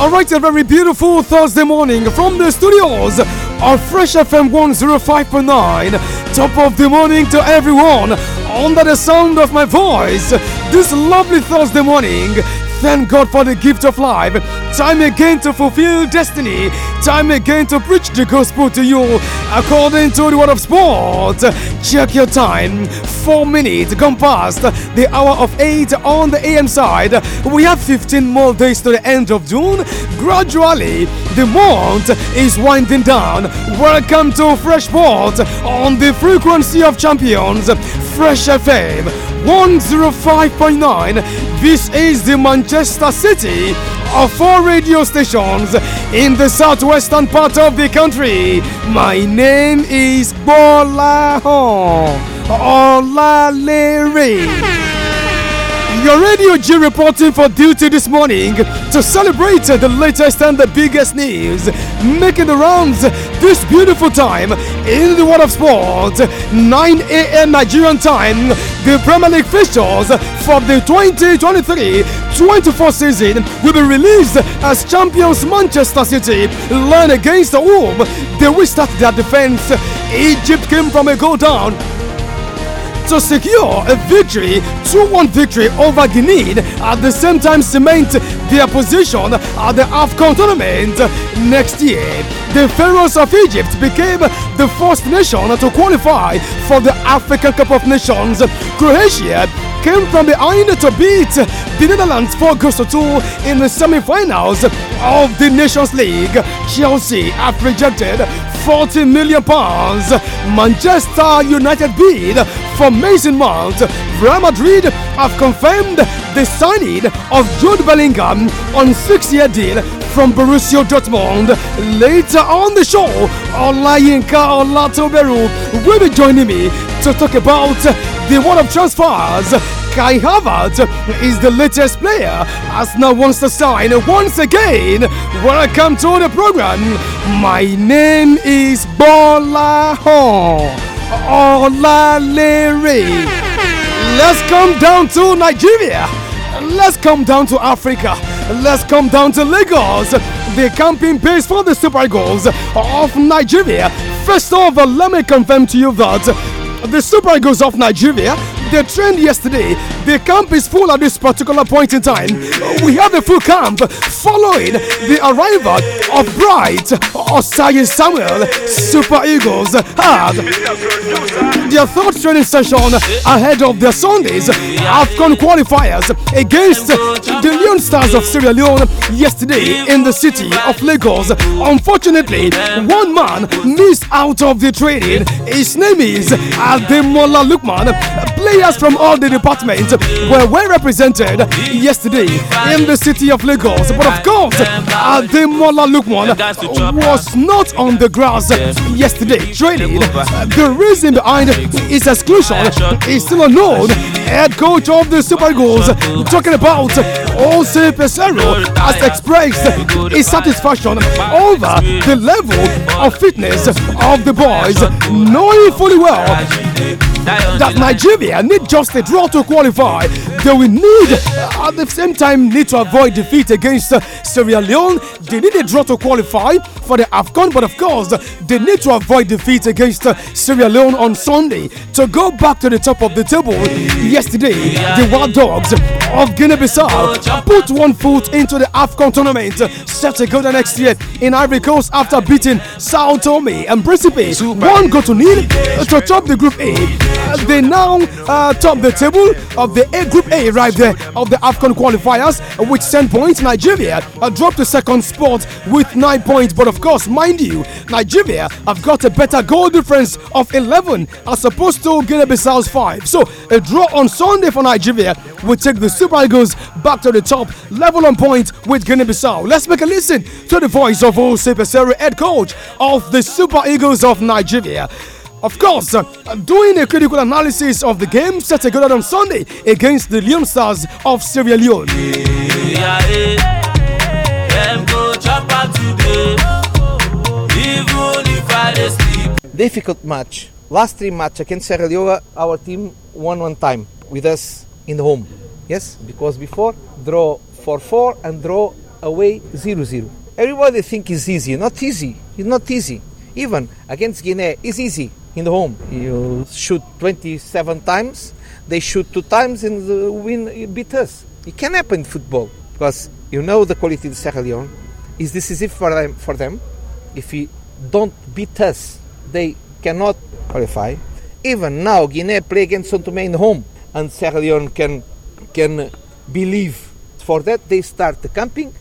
Alright, a very beautiful Thursday morning from the studios of Fresh FM 105.9. Top of the morning to everyone under the sound of my voice this lovely Thursday morning. Thank God for the gift of life. Time again to fulfill destiny. Time again to preach the gospel to you according to the word of sport. Check your time. Four minutes gone past the hour of eight on the AM side. We have 15 more days to the end of June. Gradually, the month is winding down. Welcome to Fresh Port on the frequency of champions. Fresh FM 105.9. This is the Manchester City of four radio stations in the southwestern part of the country. My name is Bola Hon your Radio G reporting for duty this morning to celebrate the latest and the biggest news making the rounds this beautiful time in the world of sport. 9 a.m. Nigerian time, the Premier League fixtures for the 2023-24 season will be released as champions Manchester City learn against the Wolves. They will start their defense. Egypt came from a goal down to secure a victory, 2 1 victory over Guinea, at the same time cement their position at the AFCON tournament next year. The Pharaohs of Egypt became the first nation to qualify for the African Cup of Nations. Croatia came from behind to beat the Netherlands 4 2 in the semi-finals of the Nations League. Chelsea have rejected 40 million pounds. Manchester United bid for Mason Mount. Real Madrid have confirmed the signing of Jude Bellingham on six-year deal from Borussia Dortmund. Later on the show, Olayinka Olatoberu will be joining me to talk about the world of transfers Kai Havertz is the latest player. now wants to sign once again. Welcome to the program. My name is Bola Hon Olalere. Let's come down to Nigeria. Let's come down to Africa. Let's come down to Lagos. The camping base for the Super Eagles of Nigeria. First of all, let me confirm to you that the Super Eagles of Nigeria the trend yesterday. The camp is full at this particular point in time. We have a full camp following the arrival of Bright Osayin Samuel Super Eagles had their third training session ahead of their Sundays AFCON qualifiers against the Leon Stars of Sierra Leone yesterday in the city of Lagos. Unfortunately, one man missed out of the training. His name is Ademola Lukman. Players from all the departments were well represented yesterday in the city of Lagos. But of course, Ademola Lukman was not on the grass yesterday training. The reason behind his exclusion is still unknown. Head coach of the Super Eagles talking about Jose Pesero has expressed his satisfaction over the level of fitness of the boys, knowing fully well that Nigeria need just a draw to qualify. They will need, at the same time, need to avoid defeat against uh, Sierra Leone. They need a draw to qualify for the AFCON, but of course, they need to avoid defeat against uh, Sierra Leone on Sunday to go back to the top of the table. Yesterday, the Wild Dogs of Guinea-Bissau put one foot into the AFCON tournament set to go the next year in Ivory Coast after beating Sao Tome and Principe one goal to nil to top the Group A they now uh, top the table of the A Group A right there of the AFCON qualifiers with 10 points. Nigeria uh, dropped to second spot with 9 points. But of course, mind you, Nigeria have got a better goal difference of 11 as opposed to Guinea Bissau's 5. So a draw on Sunday for Nigeria will take the Super Eagles back to the top level on points with Guinea Bissau. Let's make a listen to the voice of Super Pesere, head coach of the Super Eagles of Nigeria. Of course, doing a critical analysis of the game set a good down on Sunday against the Leon Stars of Sierra Leone. Difficult match. Last three matches against Sierra Leone, our team won one time with us in the home. Yes, because before draw 4-4 and draw away 0-0. Everybody think it's easy. Not easy. It's not easy. Even against Guinea, it's easy in the home. You shoot 27 times, they shoot two times and the win beat us. It can happen in football because you know the quality of Sierra Leone is decisive for them. For them. If we don't beat us, they cannot qualify. Even now, Guinea play against São Tomé in home and Sierra Leone can, can believe. For that, they start the camping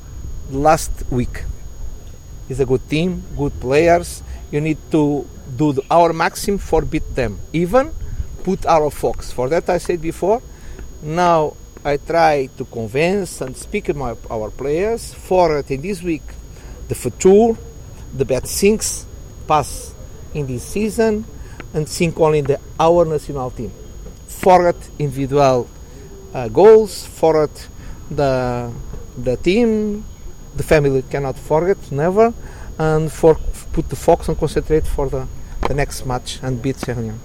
last week. It's a good team, good players. You need to do our maxim forbid them, even put our fox. For that I said before, now I try to convince and speak my, our players for it uh, in this week. The future, the bad things pass in this season and think only in the our national team. Forget individual uh, goals, forget the the team, the family cannot forget never, and for put the focus and concentrate for the the next match and beat Sergio.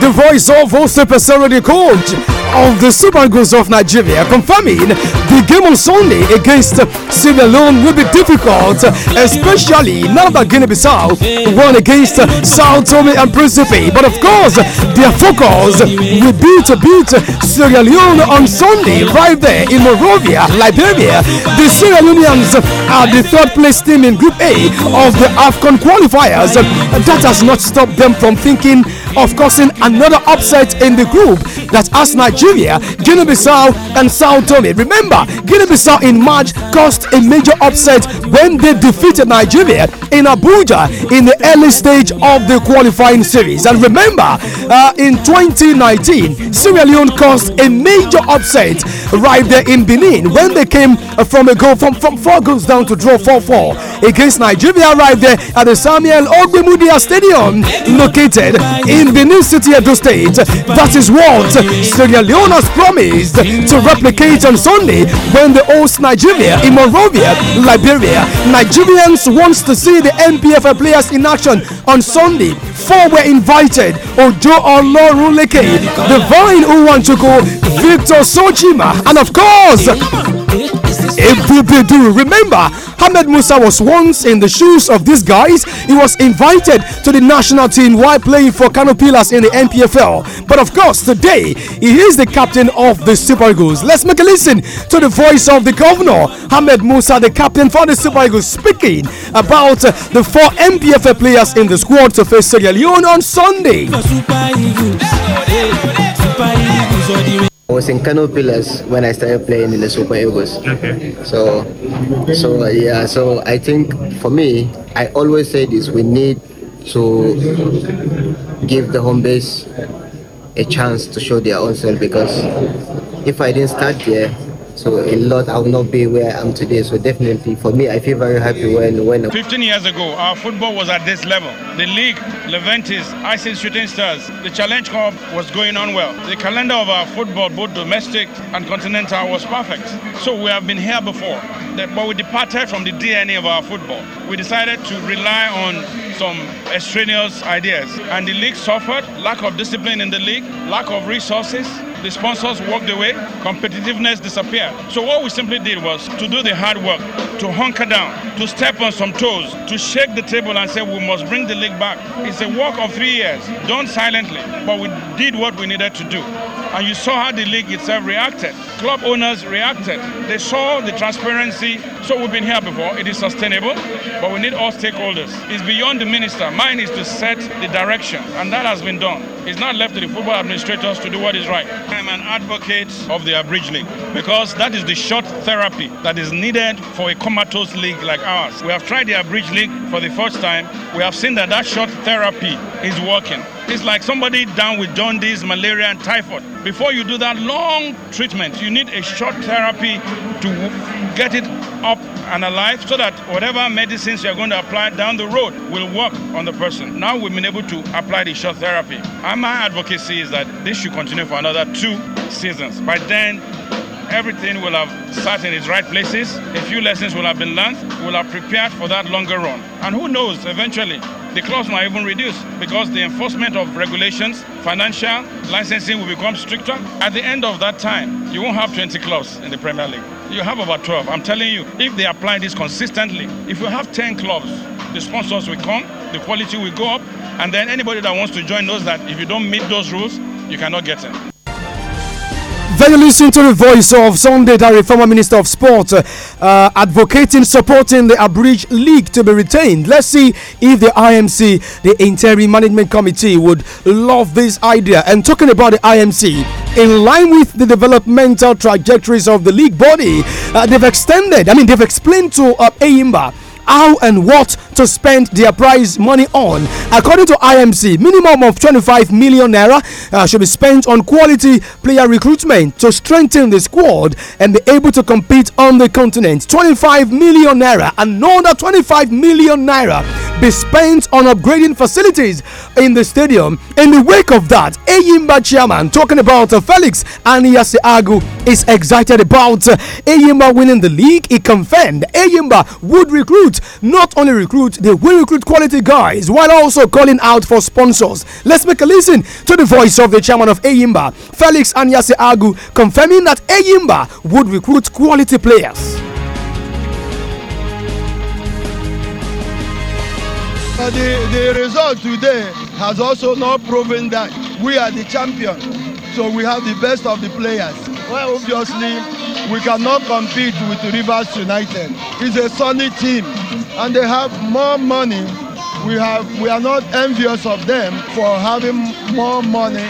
The voice of Oster Personal Coach of the Super Eagles of Nigeria, confirming the game on Sunday against Sierra Leone will be difficult, especially now that Guinea-Bissau won against Sao Tome and Principe. But of course, their focus will be to beat Sierra Leone on Sunday, right there in Morovia, Liberia. The Sierra Leoneans are the third place team in Group A of the AFCON qualifiers. That has not stopped them from thinking of causing another upset in the group that has Nigeria Nigeria, Guinea Bissau, and Sao Tome. Remember, Guinea Bissau in March caused a major upset when they defeated Nigeria in Abuja in the early stage of the qualifying series. And remember, uh, in 2019, Sierra Leone caused a major upset right there in Benin when they came uh, from a goal from, from four goals down to draw 4 4 against Nigeria right there at the Samuel Ogbemudia Stadium located in Benin City, Edo State. That is what Sierra Leonas promised to replicate on Sunday when they host Nigeria in Monrovia, Liberia. Nigerians wants to see the NPF players in action on Sunday. Four were invited: Ojo Olorunleke, Divine Uwanchuku, Victor Sojima, and of course do Remember, Ahmed Musa was once in the shoes of these guys. He was invited to the national team while playing for Pillars in the NPFL. But of course, today he is the captain of the Super Eagles. Let's make a listen to the voice of the governor, Ahmed Musa, the captain for the Super Eagles, speaking about uh, the four NPFL players in the squad to face Sierra Leone on Sunday. I was in Canopilas when I started playing in the Super Egos. Okay. So, so yeah. So I think for me, I always say this: we need to give the home base a chance to show their own self because if I didn't start there, so a lot I will not be where I am today. So definitely for me, I feel very happy when when. 15 years ago, our football was at this level. The league, Leventis, Isis Shooting Stars, the Challenge Cup was going on well. The calendar of our football, both domestic and continental, was perfect. So we have been here before, but we departed from the DNA of our football. We decided to rely on some extraneous ideas. And the league suffered lack of discipline in the league, lack of resources. The sponsors walked away, competitiveness disappeared. So, what we simply did was to do the hard work, to hunker down, to step on some toes, to shake the table and say we must bring the league back. It's a work of three years, done silently, but we did what we needed to do. And you saw how the league itself reacted. Club owners reacted. They saw the transparency. So we've been here before. It is sustainable, but we need all stakeholders. It's beyond the minister. Mine is to set the direction, and that has been done. It's not left to the football administrators to do what is right. I'm an advocate of the Abridged League because that is the short therapy that is needed for a comatose league like ours. We have tried the Abridged League for the first time. We have seen that that short therapy is working. It's like somebody down with jaundice, malaria, and typhoid. Before you do that long treatment, you need a short therapy to get it up and alive so that whatever medicines you're going to apply down the road will work on the person. Now we've been able to apply the short therapy. And my advocacy is that this should continue for another two seasons. By then, everything will have sat in its right places, a few lessons will have been learned, we'll have prepared for that longer run. And who knows, eventually, the clubs might even reduce because the enforcement of regulations, financial, licensing will become stricter. At the end of that time, you won't have 20 clubs in the Premier League. You have about 12. I'm telling you, if they apply this consistently, if you have 10 clubs, the sponsors will come, the quality will go up, and then anybody that wants to join knows that if you don't meet those rules, you cannot get in. Then you listen to the voice of Sunday Dari, former Minister of Sport, uh, advocating supporting the Abridged League to be retained. Let's see if the IMC, the Interim Management Committee, would love this idea. And talking about the IMC, in line with the developmental trajectories of the league body, uh, they've extended, I mean, they've explained to uh, Aimba how and what to spend their prize money on. According to IMC, minimum of 25 million naira uh, should be spent on quality player recruitment to strengthen the squad and be able to compete on the continent. 25 million naira, another 25 million naira be spent on upgrading facilities in the stadium. In the wake of that, Eyimba chairman talking about uh, Felix Anyasiagu is excited about uh, Eyimba winning the league. He confirmed Eyimba would recruit not only recruit, they will recruit quality guys while also calling out for sponsors. Let's make a listen to the voice of the chairman of Ayimba, Felix Anyase Agu, confirming that Ayimba would recruit quality players. the, the result today has also not proven that we are the champion. So we have the best of the players. well, obviously, we cannot compete with Rivers United. It's a solid team, and they have more money. We, have, we are not envious of them for having more money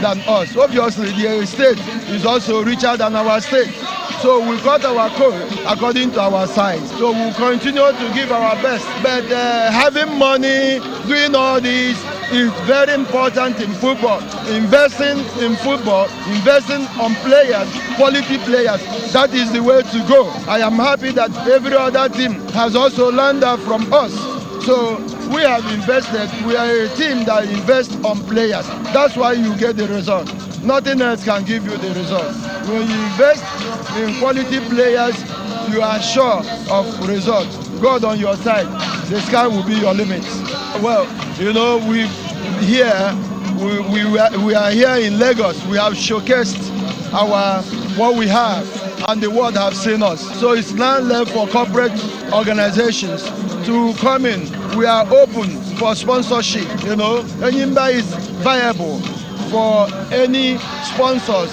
than us. Obviously, the state is also richer than our state. So we cut our coat according to our size. So we continue to give our best. But uh, having money, doing all this, is very important in football. Investing in football, investing on players, quality players, that is the way to go. I am happy that every other team has also learned that from us. So we have invested, we are a team that invests on players. That's why you get the result. Nothing else can give you the result. When you invest in quality players, you are sure of results. God on your side, the sky will be your limit. Well, you know, we here, we, we, we are here in Lagos. We have showcased our what we have and the world have seen us. So it's now left for corporate organizations to come in we are open for sponsorship. You know, Enyimba is viable for any sponsors.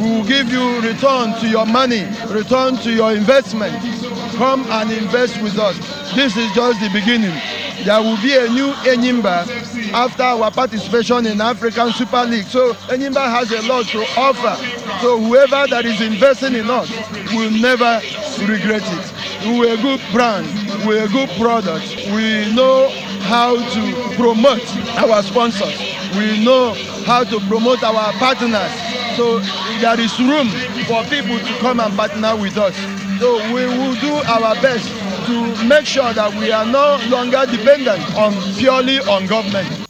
We will give you return to your money, return to your investment. Come and invest with us. This is just the beginning. There will be a new Enyimba after our participation in African Super League. So Enyimba has a lot to offer. So whoever that is investing in us will never regret it we're a good brand, we're a good product. We know how to promote our sponsors. We know how to promote our partners. So there is room for people to come and partner with us. So we will do our best to make sure that we are no longer dependent on purely on government.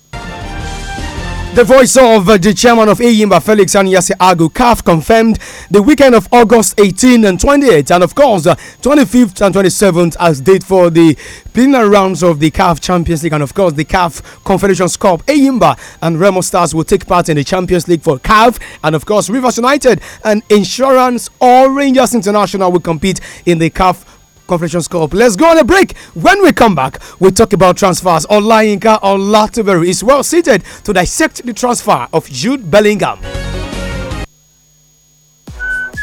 The voice of the chairman of AIMBA, Felix Anyasi Agu CAF, confirmed the weekend of August 18 and 28, and of course, uh, 25th and 27th as date for the plenary rounds of the CAF Champions League, and of course, the CAF Confederations Cup. AIMBA and Remo Stars will take part in the Champions League for CAF, and of course, Rivers United and Insurance or Rangers International will compete in the CAF. Corporation's Cup. Let's go on a break. When we come back, we talk about transfers. on Olatuberu is well seated to dissect the transfer of Jude Bellingham.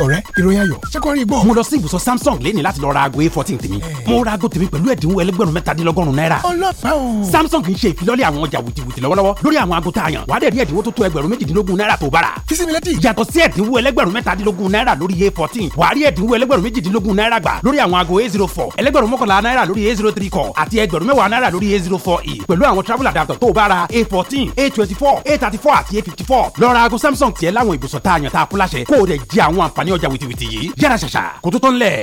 ọ̀rẹ́ ìròyìn ayọ̀ ṣé kò rí bọ̀. mo lọ sí ibùsọ̀ samsung lẹ́ni láti lọ ra aago a fourteen tèmi eh. mo ra aago tèmi pẹ̀lú ẹ̀dínwó ẹlẹ́gbẹ̀rún mẹ́tàdínlọ́gọ́rùn-ún náírà. ọlọ́pàá o. samsung ń ṣe ìfilọ́lẹ̀ àwọn ọjà wìtìwìtì lọ́wọ́lọ́wọ́ lórí àwọn aago tá a yàn wàá dẹ̀ rí ẹ̀dínwó tó tó ẹgbẹ̀rún méjìdínlógún náírà tó bára. fisimilẹ́tì. yàtọ̀ sí ẹ̀dínwó ẹlẹ́gbẹ̀rún mẹ́tàdínlógún náírà lórí a fourteen wàá rí ẹ̀dínwó ẹlẹ́gbẹ̀rún méjìdínlógún náírà gbà lórí àwọn aago a zero four ẹlẹ́gbẹ̀rún mọ́kànlá náírà lórí a zero three kọ̀ àti ẹgbẹ̀rún mẹ́wàá náírà lórí a zero four e pẹ̀lú àwọn travel adapter tó a fourteen a twenty a thirty a fifty four lọ samsung tiẹ̀ láwọn ibùsọ̀ tá a yàn tá a kú àǹfààní ọjà wìtìwìtì yìí yára ṣàṣà kó tó tán lẹ̀.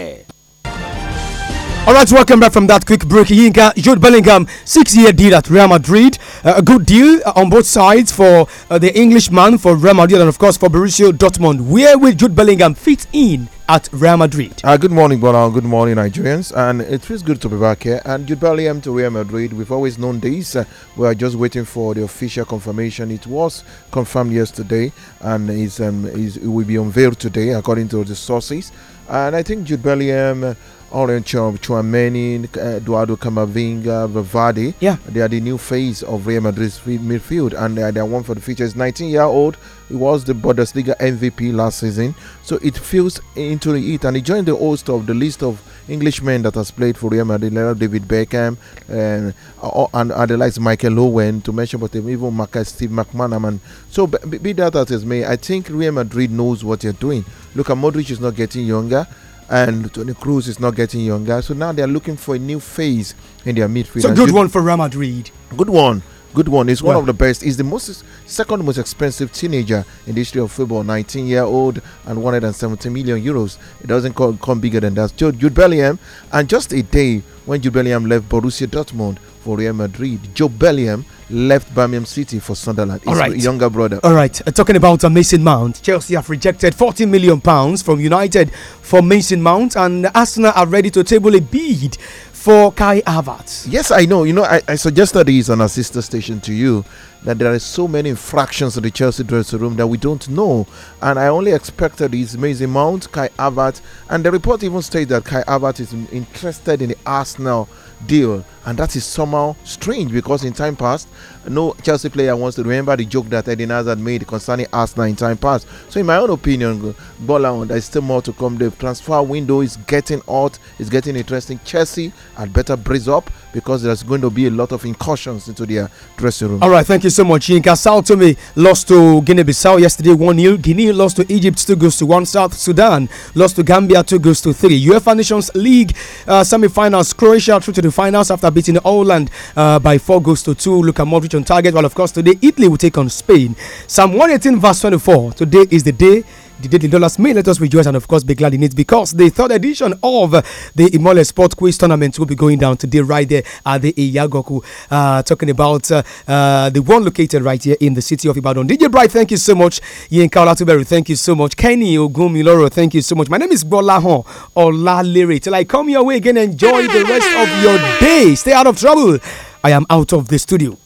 All right, welcome back from that quick break. Yinka, Jude Bellingham, six-year deal at Real Madrid. Uh, a good deal uh, on both sides for uh, the Englishman, for Real Madrid, and of course for Borussia Dortmund. Where will Jude Bellingham fit in at Real Madrid? Uh, good morning, Bola. Good morning, Nigerians. And it feels good to be back here. And Jude Bellingham to Real Madrid. We've always known this. Uh, we are just waiting for the official confirmation. It was confirmed yesterday, and um, it will be unveiled today, according to the sources. And I think Jude Bellingham uh, Orange of Chouameni, Eduardo Camavinga, Vavadi. Yeah. They are the new face of Real Madrid's midfield, and uh, they are, one for the future. He's 19 year old. He was the Bundesliga MVP last season, so it feels into it, and he joined the host of the list of Englishmen that has played for Real Madrid, David Beckham, and uh, and, and the likes Michael Owen to mention, but even Marcus Steve McManaman. So be, be that as it may, I think Real Madrid knows what they're doing. Look, at Modric is not getting younger and Tony Cruz is not getting younger. So now they are looking for a new phase in their midfield. It's so a good one for Real Madrid. Good one. Good one. He's one of the best. He's the most second most expensive teenager in the history of football. 19 year old and 170 million euros. It doesn't come, come bigger than that. Jude Bellingham, and just a day when Jude Bellingham left Borussia Dortmund for Real Madrid. Joe Bellingham left Birmingham City for Sunderland. All right. younger brother. All right. Uh, talking about a Mason Mount, Chelsea have rejected 14 million pounds from United for Mason Mount, and Arsenal are ready to table a bid for Kai Havertz. Yes, I know. You know, I, I suggested he's on our sister station to you that there are so many infractions in the Chelsea dressing room that we don't know, and I only expected this Mason Mount, Kai Havertz, and the report even states that Kai Havertz is interested in the Arsenal deal and that is somehow strange because in time past, no Chelsea player wants to remember the joke that Eden Hazard made concerning Arsenal in time past. So, in my own opinion, Bola, there's still more to come. The transfer window is getting hot, it's getting interesting. Chelsea had better brace up because there's going to be a lot of incursions into their dressing room. All right, thank you so much. Yinka to me, lost to Guinea Bissau yesterday 1 0. Guinea lost to Egypt 2 goes to 1. South Sudan lost to Gambia 2 goes to 3. UEFA Nations League uh, semi finals, Croatia through to the finals after after beating Holland uh, by 4 goals to 2. Luka Modric on target. Well, of course, today Italy will take on Spain. Psalm 118, verse 24. Today is the day the daily dollars may let us rejoice and of course be glad in it because the third edition of the Imole Sport Quiz Tournament will be going down today right there at the Iyagoku. Uh, talking about uh, uh, the one located right here in the city of Ibadan. DJ Bright, thank you so much. Yinka Olatuberu, thank you so much. Kenny Ogumiloro, thank you so much. My name is Bolahon Olalere. Till I come your way again, enjoy the rest of your day. Stay out of trouble. I am out of the studio.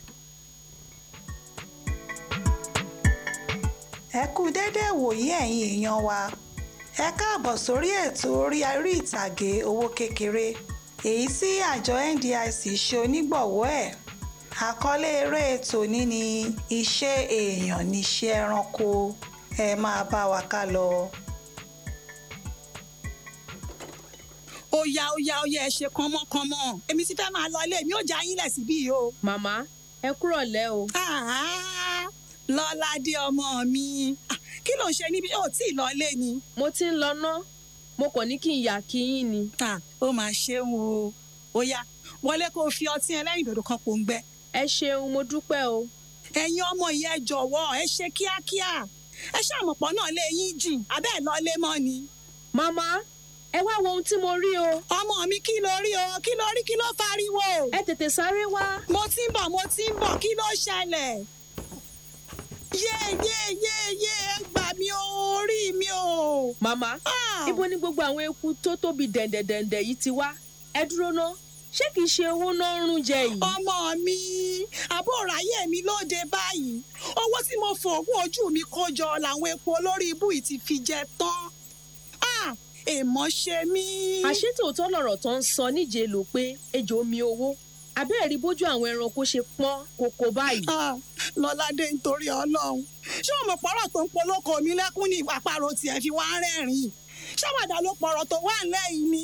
ẹ kú déédéé wòyí ẹ̀yin èèyàn wa ẹ káàbọ̀ sórí ètò orí orí ìtàgé owó kékeré èyí tí àjọ NDIC ṣe onígbọ̀wọ́ ẹ̀ àkọlé eré ètò ní ni iṣẹ́ èèyàn níṣẹ́ ẹranko ẹ máa bá wa ká lọ. óyá óyá óyá ẹ ṣe kánmọ́kánmọ́ èmi ti fẹ́ máa lọ ilé mi ó jẹ́ ayínlẹ̀ síbí yìí o. màmá ẹ kúrọ̀lẹ́ o. Ah, ah lọ́ládé ọmọ mi ah, kí ló ń ṣe níbi ó tí ì lọ ni. mo ti ń lọ ná mo kàn ní kí n yà kí yín ni. ta ó máa ṣeun o ó oya, wọlé kó o fi ọtí ẹlẹ́rìndòdò kan pòǹgbẹ. ẹ ṣeun mo dúpẹ́ o. ẹ̀yin ọmọ yìí ẹ jọ̀wọ́ ẹ ṣe kíákíá ẹ ṣàmùpọ̀ náà lé yín jìn abẹ́ ẹ̀ lọ lé mọ́ ni. màmá ẹ wá wo ohun tí mo rí o. ọmọ mi kí ló rí o kí ló rí kí ló fariwo. ẹ tètè sáré wá. mo ti ń bọ̀ mo ti ń bọ̀ kí ló ṣẹlẹ̀. Mama, yé ah. ibo ni gbogbo àwọn eku tó tóbi dẹ̀ndẹ̀dẹ̀ndẹ̀ yìí ti wá ẹ dúró ná ṣé kìí ṣe owó náà rún jẹ yìí. ọmọ mi àbúrò ayé mi lóde báyìí owó tí mo fòògùn ojú mi kó làwọn epo olórí ibú yìí ti fi jẹ tán ah, èèmọ̀ ṣe mí. àṣé tòótọ́ lọ̀rọ̀ tó ń sọ níje lò pé ejò mi owó abẹ́ẹ̀rí bójú àwọn ẹranko ṣe pọ́n kòkó báyìí. Ah, lọ́ládé nítorí ọlọ́run ṣé o mọ̀ pọ́rọ̀ tó ń polóko mi lẹ́kún ní àparò tiẹ̀ fi wá rẹ́rìn-ín ṣáwàdà ló pọ̀rọ̀ tó wà ńlẹ̀ ni.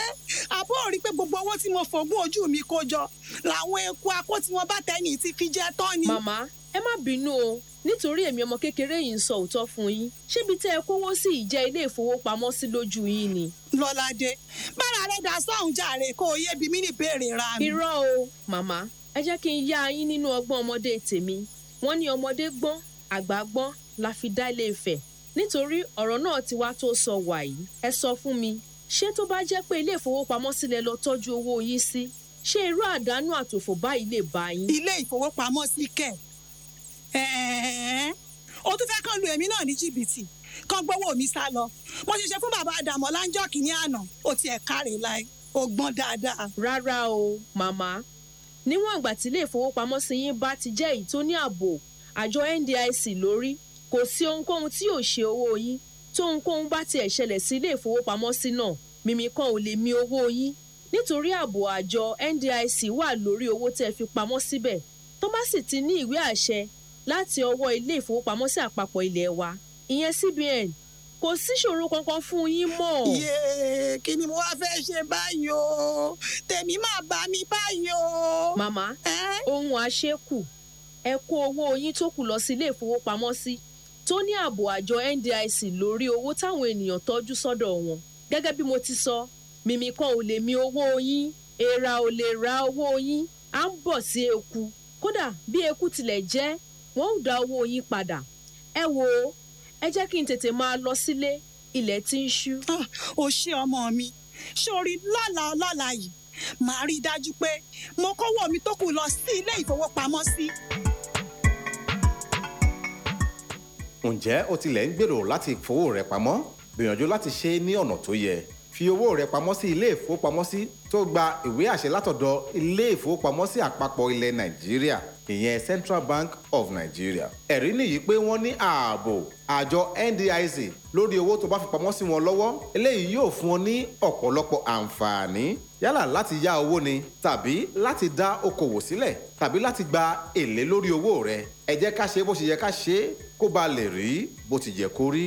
Eh, àbó rí pé gbogbo owó tí mo fògún ojú mi kó jọ làwọn eku akó tí wọ́n bá tẹ́ni ti fi jẹ tán ni. màmá ẹ má bínú o nítorí èmi ọmọ kékeré yìí ń sọ òótọ́ fún yín ṣébi tẹ́ ẹ kówó sí ìjẹ́ ilé ìfowópamọ́sí lójú yín ni. lọ́ládé bára rẹ̀ dá sọ́hún jàre kó o yé bí mi ní béèrè ra mi. irọ́ o màmá ẹ jẹ́ kí n yá yín nínú ọgbọ́n ọmọdé tèmi wọ́n ní ọmọdé gbọ́n àgbà gbọ́n la fi dá Ilé Ifẹ̀ nítorí ọ̀rọ̀ náà ti wá tó sọ wàyí ẹ sọ fún mi ṣé tó bá jẹ́ pé ilé ìfowópamọ́sí lẹ lọ tọ́jú owó yín sí ṣé irú àdánù àtòfò báyìí lè bá yín. ilé ìfowópamọ́sí kẹ̀ ó tún fẹ́ kàn lu èmi náà ní jìbìtì kàn gbowó mi sá lọ mo ṣe ṣe fún bàbá àdàmọ́ láńjọ́ kìíní àná ó tiẹ̀ káre láì ó gbọ́n dáadáa. rárá o màmá níwọ̀n ìgbà tí ilé ìfowópamọ́sí yín bá ti jẹ́ èyí tó ní ààbò àjọ NDIC lórí kò sí ohunkóhun tí yóò ṣe owó yín tóhunkóhun bá tiẹ̀ ṣẹlẹ̀ sí ilé ìfowópamọ́sí náà mímíkan ò lè mì owó yín nítorí ààbò àjọ NDIC wà lórí owó tẹ́ fi pamọ́ síbẹ̀ tó bá sì ti ní ìwé àṣẹ láti ọwọ́ ilé ìfowópamọ́sí àpapọ̀ ilé wa ìyẹn CBN kò síṣòro kankan fún yín mọ́. yéé kí ni mo wá fẹ́ ṣe báyìí o tèmi máa bá mi báyìí o. màmá ohun àṣekù ẹ kó owó yín tó kù lọ sí ilé ìfowópamọ́sí tó ní ààbò àjọ NDIC lórí owó táwọn ènìyàn tọ́jú sọ́dọ̀ wọn gẹ́gẹ́ bí mo ti sọ mímí kan ò lè mi owó yín èèrà ò lè ra owó yín à ń bọ̀ sí eku kódà bí eku tilẹ̀ jẹ́ wọ́n ó dá owó yín padà ẹ wo ẹ jẹ́ kí n tètè máa lọ sílé ilẹ̀ tí ń ṣú. ó ah, ṣe ọmọ mi sórí lọ́la lọ́la yìí màá rí i dájú pé mo kówó mi tó kù lọ sí ilé ìfowópamọ́sí. ǹjẹ́ o tilẹ̀ ń gbèrò láti fowó rẹ pamọ́ gbìyànjú láti ṣe é ní ọ̀nà tó yẹ fi owó rẹ pamọ́ sí ilé ìfowópamọ́sí tó gba ìwé àṣẹ látọ̀dọ̀ ilé ìfowópamọ́sí àpapọ̀ ilẹ̀ nàìjíríà ìyẹn Central Bank of Nigeria. ẹ̀rí nìyí pé wọ́n ní ààbò àjọ NDIC lórí owó tó bá fi pamọ́ sí wọn lọ́wọ́ eléyìí yóò fún ọ ní ọ̀pọ̀lọpọ̀ àǹfààní yálà láti yá owó ni tàbí láti dá okòwò sílẹ̀ tàbí láti gba èlé lórí owó rẹ ẹ jẹ́ ká ṣe bó ṣe yẹ ká ṣe kó ba lè rí bó ti yẹ kó rí.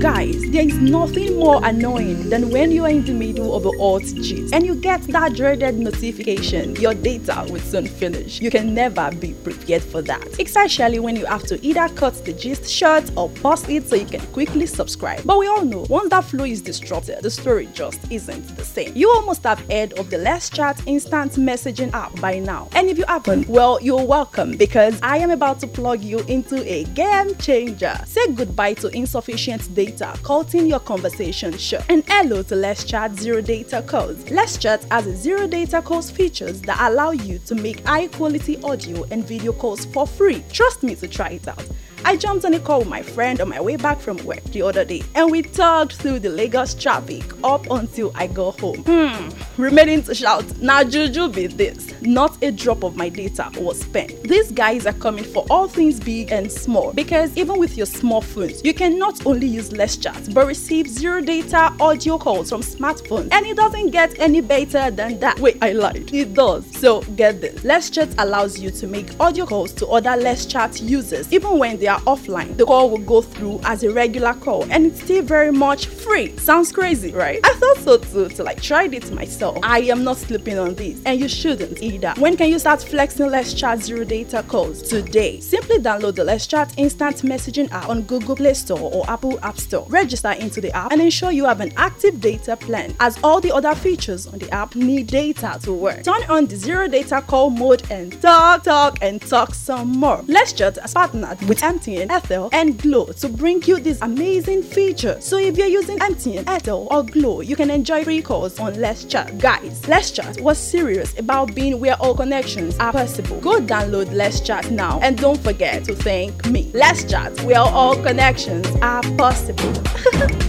guys there is nothing more annoying than when you are in the middle of a hot gist and you get that dreaded notification your data will soon finish. You can never be prepared for that, especially when you have to either cut the gist short or pause it so you can quickly subscribe. But we all know once that flow is disrupted, the story just isn't the same. You almost have heard of the last Chat instant messaging app by now, and if you haven't, well, you're welcome because I am about to plug you into a game changer. Say goodbye to insufficient data called in your conversation show. And hello to Let's Chat Zero Data Calls. Let's Chat has a zero data calls features that allow you to make high quality audio and video calls for free. Trust me to try it out. I jumped on a call with my friend on my way back from work the other day and we talked through the Lagos traffic up until I got home. Hmm, remaining to shout, now Juju be this. Not a drop of my data was spent. These guys are coming for all things big and small because even with your smartphones, you can not only use less chat but receive zero data audio calls from smartphones and it doesn't get any better than that. Wait, I lied. It does. So get this. Less chat allows you to make audio calls to other less chat users even when they are offline, the call will go through as a regular call and it's still very much free. Sounds crazy, right? I thought so too, till I tried it myself. I am not sleeping on this and you shouldn't either. When can you start flexing Let's Chat Zero Data calls? Today. Simply download the Let's Chat instant messaging app on Google Play Store or Apple App Store. Register into the app and ensure you have an active data plan as all the other features on the app need data to work. Turn on the zero data call mode and talk, talk and talk some more. Let's chat as partnered with M MTN, Ethel, and Glow to bring you this amazing feature. So if you're using MTN, Ethel, or Glow, you can enjoy free calls on Let's Chat. Guys, Let's Chat was serious about being where all connections are possible. Go download Let's Chat now and don't forget to thank me. Let's Chat, where all connections are possible.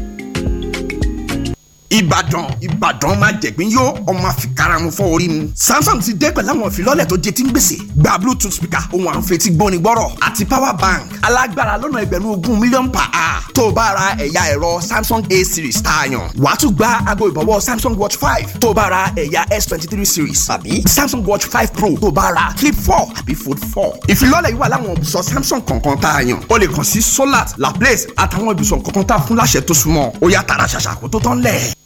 ìbàdàn ìbàdàn máa jẹ̀gbín yó ọmọ àfikaramu fọ́ orí mu. samsung ti dé pẹ̀lú àwọn ìfilọ́lẹ̀ tó jẹ ti ń gbèsè gba bluetooth speaker ohun àǹfẹ̀tì gbóni gbọ́rọ̀ àti power bank alágbára lọ́nà ẹgbẹ̀rún ogún mílíọ̀nù pa á tó o bá ra ẹ̀yà ẹ̀rọ samsung a series tá a yàn wàá tún gba aago ìbọ̀wọ́ samsung watch five tó o bá ra ẹ̀yà s twenty three series àbí samsung watch five pro tó o bá ra clip four àbí fold four ìfilọ́lẹ̀ yìí wà láwọn ibùsọ̀ samsung kọ̀ọ̀kan tá a yàn o lè kàn sí solar laplace àtàwọn ibùsọ̀ kọ̀ọ̀kan tá a fún láṣẹ tó súnmọ́ ó yá tààrà ṣàṣà tó tán lẹ̀.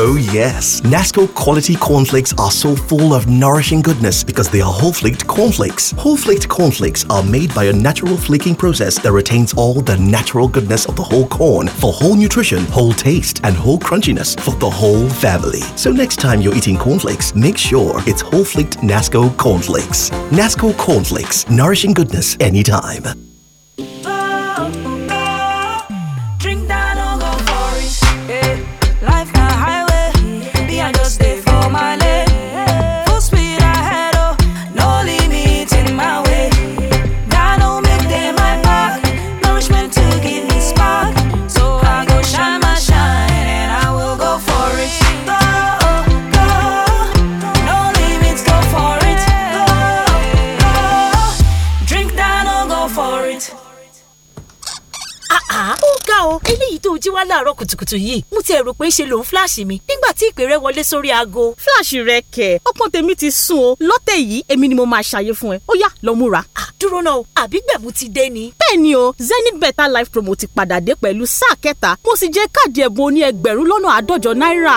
Oh, yes. Nasco quality cornflakes are so full of nourishing goodness because they are whole flaked cornflakes. Whole flaked cornflakes are made by a natural flaking process that retains all the natural goodness of the whole corn for whole nutrition, whole taste, and whole crunchiness for the whole family. So, next time you're eating cornflakes, make sure it's whole flaked Nasco cornflakes. Nasco cornflakes, nourishing goodness anytime. Oh. èyí tó jí wá láàárọ̀ kùtùkùtù yìí mo ti ẹ̀rù pé ṣe lòun fíláàṣì mi nígbà tí ìpè rẹ wọlé sórí aago. fíláàṣì rẹ kẹ ọpọ́n tèmi ti sùn o lọ́tẹ̀ yìí èmi ni mo máa ṣàyè fún ẹ ó yá lọ múra. dúró náà àbí gbẹ̀mú ti dé ni. bẹ́ẹ̀ o zenith better life promo ti padà dé pẹ̀lú sáà kẹta mo sì jẹ́ káàdì ẹ̀bùn oní ẹgbẹ̀rún lọ́nà àádọ́jọ náírà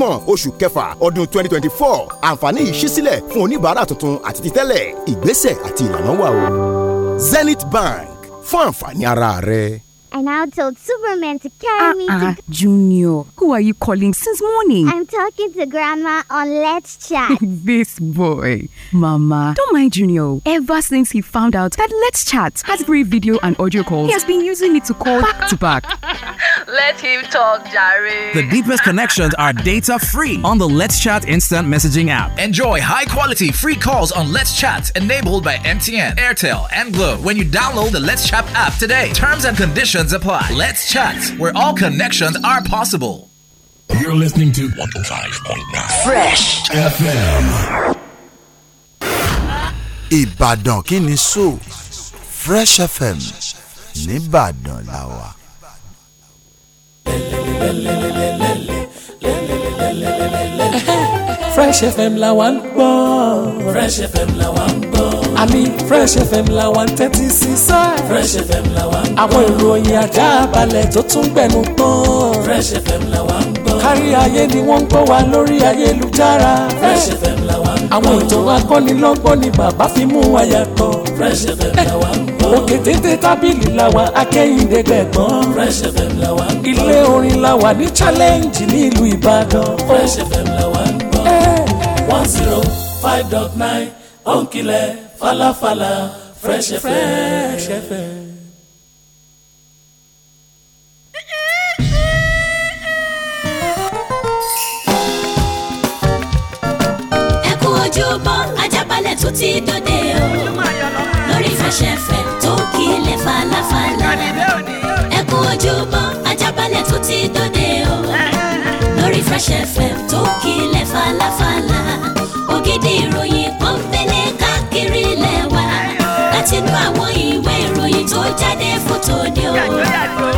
kọkànlélọ́gbọ̀n oṣù kẹfà ọdún twenty twenty four àǹfààní yìí ṣí sílẹ̀ fún oníbàárà tuntun àti títẹ́lẹ̀ ìgbésẹ̀ àti ìlànà wà o. Zenith Bank fún àǹfààní ara rẹ. i now told Superman to carry uh, me to. Ah, Junior, who are you calling since morning? I'm talking to Grandma on Let's Chat. this boy. Mama, don't mind Junior. Ever since he found out that Let's Chat has free video and audio calls, he has been using it to call back to back. Let him talk, Jerry. The deepest connections are data free on the Let's Chat instant messaging app. Enjoy high quality free calls on Let's Chat enabled by MTN, Airtel, and Glow when you download the Let's Chat app today. Terms and conditions Restrictions apply. Let's chat where all connections are possible. You're listening to 105.9 Fresh FM. Ìbàdàn kí so Fresh FM nìbàdàn la wà. Fresh FM la wà ń gbọ́. Fresh FM la wà ń gbọ́. àní Fresh FM la wa ń tẹ́tí sí sá. Fresh FM la wa ń gbọ́. àwọn ìròyìn ajá balẹ̀ tó tún gbẹnu tán. Fresh FM la wa ń gbọ́. kárí ayé ni wọ́n ń gbọ́ wa lórí ayélujára. Fresh FM la wa ń gbọ́. àwọn ètò akọ́nilọ́gbọ́n ni bàbá fi mú wa yàtọ̀. Fresh FM la wa ń gbọ́. òkè téńté tábìlì la wa akẹ́yìndé gbẹ̀gbọ́n. Fresh FM la wa ń gbọ́. ilé orin la wa ní challenge ní ìlú Ìbàdàn. Fresh FM la wa ń gbọ́. one zero five dot nine òǹkìlẹ̀ falafala fresh fresh fm. ẹkún ojúbọ ajábalẹ̀ tó ti dòde o lórí fresh fm tó kílẹ̀ falafala ẹkún ojúbọ ajábalẹ̀ tó ti dòde o lórí fresh fm tó kílẹ̀ falafala ògidì ìròyìn látinú àwọn ìwé ìròyìn tó jáde fótó ni o.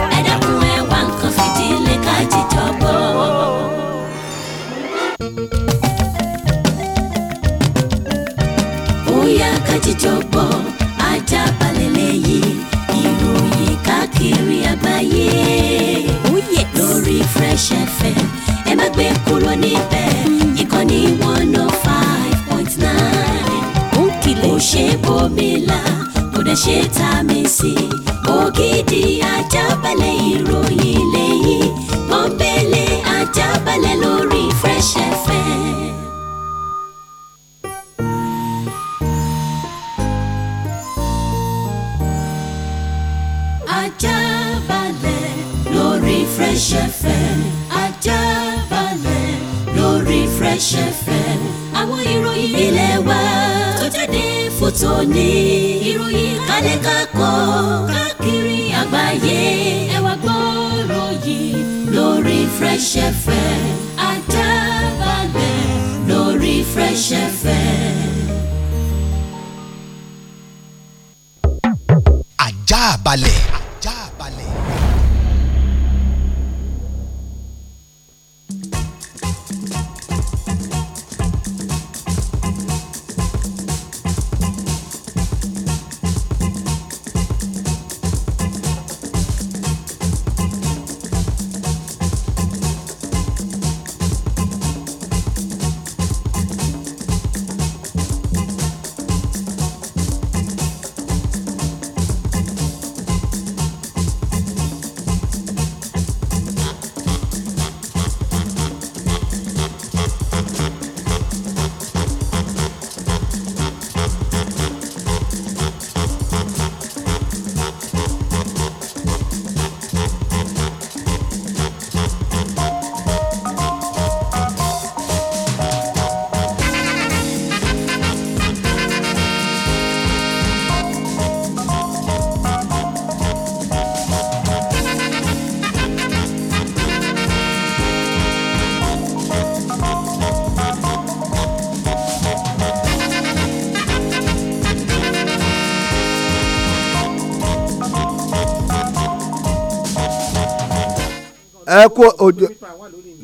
kú ojú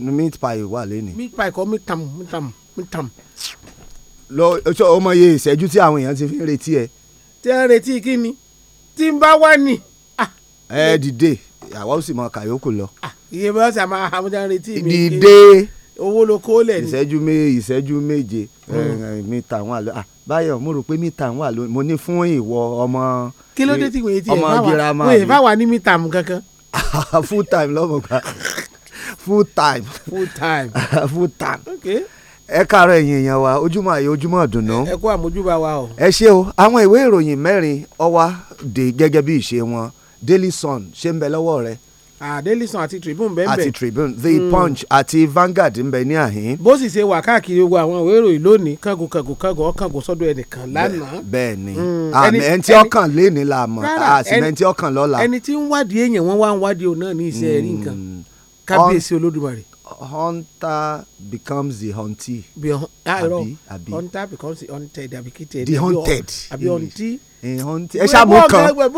meat pie wà lónìí. meat pie kọ́ meat tam meat tam meat tam. lọ ọmọ iye ìṣẹ́jú tí àwọn èèyàn ti fi ń retí ẹ. tí ẹ ń retí kí ni tí n bá wà ní. Ah, ẹ dìde àwa ó sì mọ kàyókù lọ. iye ah, bá ọ̀sẹ̀ àmọ́ àwọn ọmọdé ń retí mi. dìde owó ló kó lẹ̀ ni. ìṣẹ́jú méje ìṣẹ́jú méje mi ta wọn àlọ́ báyọ̀ mo rò pé mi ta wọn àlọ́ mo ní fún ìwọ ọmọ. kí ló dé tí wòye tí ẹ bá wà wòye bá wà ní mi ta mu kankan. full time lọ́mọ full time. full time. full time. okay ẹ káàárọ̀ ẹ̀yin èèyàn wa ojúmọ́ àyè ojúmọ́ ọ̀dùnnú. ẹ kú àmójúbà wa o. ẹ ṣé o àwọn ìwé ìròyìn mẹ́rin ọwá dé gẹ́gẹ́ bí ìṣe wọn Daily Sun ṣe ń bẹ lọ́wọ́ rẹ. ah Daily Sun àti Tribune bẹ́ẹ̀ bẹ́ẹ̀. àti Tribune The mm. Punch àti Vanguard ń bẹ ní àhín. bó sì ṣe wà káàkiri gbogbo àwọn ìwé ìròyìn lónìí kángun kángun kángun ọkàngun sọ́dọ̀ ẹnìkan lánàá. bẹ́ẹ̀ ni hmm. àmì ẹni tí ọkàn lé la mọ̀ àti ẹni tí ọkàn lọ́la. ẹni tí ń wádìí èèyàn wọ́n wá ń wádìí òun náà ní iṣẹ́ hmm. rí nǹkan kábíyèsí olódùmarè. hunter becomes the huntee. Ah, bí àìrọ hunter becomes the hunted àbí kìtẹ̀. the hunted àbí huntee. hunted eh, ẹ ṣáà kan ẹ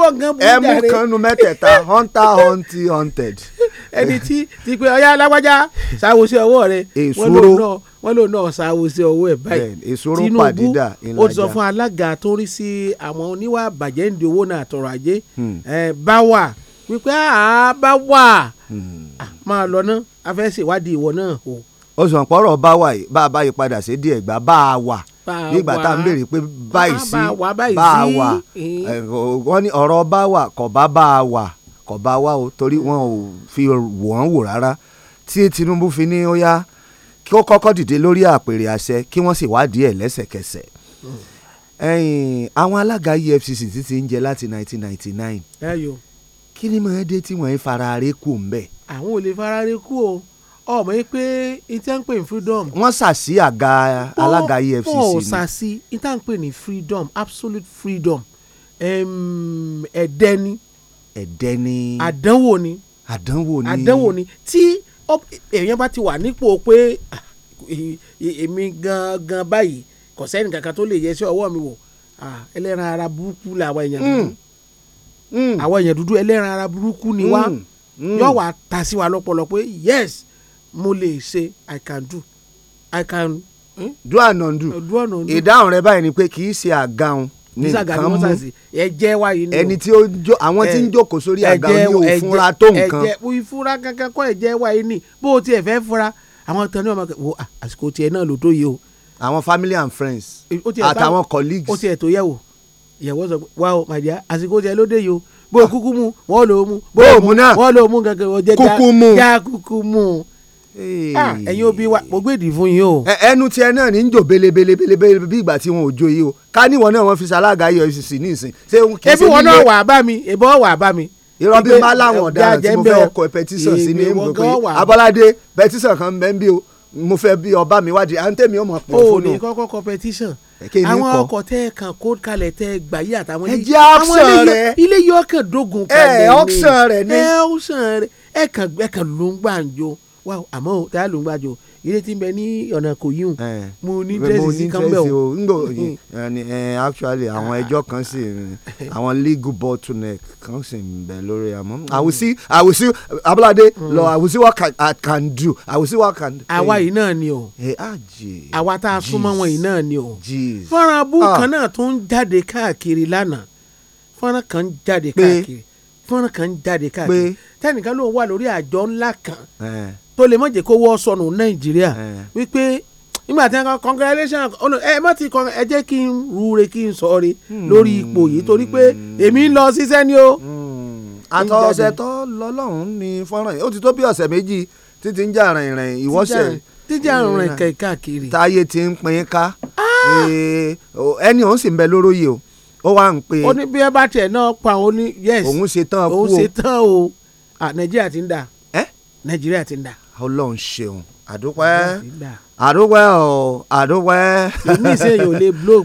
mú kan nu mẹ́tẹ̀ẹ̀ta hunter huntee hunted. ẹni tí ti pé ọyá alágbájá ṣàwọ sí ọwọ́ rẹ wọ́n lò náà wọ́n lò náà ṣàwọ sí ọwọ́ ẹ̀ báyìí Tinubu ó sọ fún alága tó rí sí àwọn oníwà bàjẹ́ ń owó náà àtọ̀rọ̀ ajé hmm. eh, báwa wípé àá báwa. Ah, máa lọ ná a fẹ́ ṣèwádìí ìwọ náà o. oṣù àpọ̀rọ̀ bá wà bá a bá yí padà sí díẹ̀ gbà bá a wà nígbà tá a ń béèrè pé báyìí sí bá a wà eh. Eh, wọ́n ní ọ̀rọ̀ bá wà kọ̀ bá bá a wà kọ̀ bá wà o torí wọn ò fi wọ́n wò rárá tí Tinubu fi ní ó yá kí ó kọ́kọ́ dìde lórí àpèrè àṣẹ kí wọ́n sì wádìí ẹ̀ lẹ́sẹ̀kẹsẹ̀ hmm. àwọn alága EFCC ti ti ń jẹ láti 1999. ẹyọ kí ni màá dé tí wọ́n ń fara rẹ kú ń bẹ̀. àwọn ò lè fara rẹ kú o ọmọ yìí pé ìtẹ́ freedom. wọ́n ṣàṣì àga alága EFCC ni. wọ́n ṣàṣì ìtẹ́ ń freedom absolute freedom ẹ̀dẹ́ ni. ẹ̀dẹ́ ni. àdánwò ni. àdánwò ni. àdánwò ni tí èèyàn bá ti wà nípò pé ah, èmi gan-an báyìí kò sẹ́ni kankan tó lè yẹ sí ọwọ́ mi wò ah, ẹlẹ́ran ara burúkú làwọn èèyàn. Hmm. Mm. àwọn èèyàn dúdú ẹlẹ́ran ara burúkú ni wá mm. Mm. yóò wá ta sí wa lọ́pọlọ pé yes mo lè ṣe i can do i can. Hmm? do ànàndù ìdáhùn rẹ báyìí ni pé kì í ṣe àgàun ní nǹkan mú ẹ̀jẹ̀ wa yìí ni o ẹni tí ó jó àwọn tí ń jókòó sórí àga ní òfúnra tó nǹkan ẹ̀jẹ̀ ìfúnra kankan kọ́ ẹ̀jẹ̀ wa yìí ni bó o tiẹ̀ fẹ́ fúnra àwọn tán ní ọmọ kẹ wo àsìkò tiẹ̀ náà ló tó yìí o. àwọn family and friends àtàwọn colleagues. ó tiẹ̀ tó yẹ wò ìyàwó sọ pé wá o màdìá àsìkò tiẹ̀ ló dé yìí o bó o kúkú mu wọ́n lò ó mu bó o mu náà wọ́n lò ó mu kankan o jẹ́ já kúkú mu ah, ẹ̀yin òbí wa mo gbèdì fún yín o. ẹnu tiẹ̀ náà ní jò belebelebele bí ìgbà tí wọn ò jó yìí o ká níwọ̀n náà wọ́n fi ṣalága EFCC ní ìsìn. ebi wọn náà wà bá mi ìbọn wà bá mi irọ́ bí má làwọn ọ̀daràn tí mo fẹ́ kọ pẹtísàn sí ní gbogbo abọ́ládé pẹtísàn kan bẹ́ẹ̀ bí o mo fẹ́ bí ọba mi wádìí à ń tèmi ọmọ pọ̀ fóònù. o ní kọ́kọ́ kọ pẹtísàn àwọn ọkọ̀ tẹ́ kàn kó kalẹ̀ tẹ́ gbà yí àtàwọn ilé ẹjẹ́ ọ̀sán rẹ̀ ilé yọ ọkàn dógùn kalẹ̀ ni ẹ ọ̀sán rẹ̀ ni ẹ ọ̀sán rẹ̀ ẹ kàn ló ń gbàǹjo àmọ́ tá a ló ń gbàǹjo ilé tí ń bẹ ní ọ̀nà kò yíhun mo ní dírẹ́sì sí kánbẹ́ o. mo ní dírẹ́sì o eh, eh, actually àwọn ah. ẹjọ́ kan sì àwọn legal bottleneck kan sì ń bẹ lórí àmọ́ àwùsí hmm. àwùsí abúládé hmm. lọ àwùsí what can, I can do àwùsí what can. àwa yìí náà ni o eh, ah, àwa tá a súnmọ́ wọn yìí náà ni o fọ́nrán abú ah. kan náà tó ń jáde káàkiri lánàá fọ́nrán kan ń jáde káàkiri fọ́nrán kan ń jáde káàkiri tẹ́nìkan ló wà lórí àjọ ńlá kan tó lè mọ̀jẹ̀ kó wọ́ sọnù nàìjíríà wípé nígbà tí wọn congratulation ẹ mọ̀ ti kọ ẹ jẹ́ kí n rúure kí n sọ̀re hmm. lórí ipò yìí torí pé èmi ń lọ ṣiṣẹ́ ni o. Hmm. àtọ̀ ọ̀sẹ̀ tó lọ́lọ́run ni fọ́nrán yìí ó ti tó bí ọ̀sẹ̀ méjì títí ń jà rìnrìn ìwọ́sẹ̀ títí àrùn rẹ̀ kẹ̀ káàkiri. táyé ti ń pin ká ah! ẹni òun sì ń bẹ lóróyè o ó wà ń pe. ó ní bí ẹ bá tiẹ̀ náà pa òun ní yes òun ṣe tán kú o òun ṣe tán o nàìjíríà ti ń dà nàìjíríà ti ń dà ọlọ́run ṣeun àdúpẹ́ àdúpẹ́ ọ̀ àdúpẹ́. èmi ṣe yóò lè blo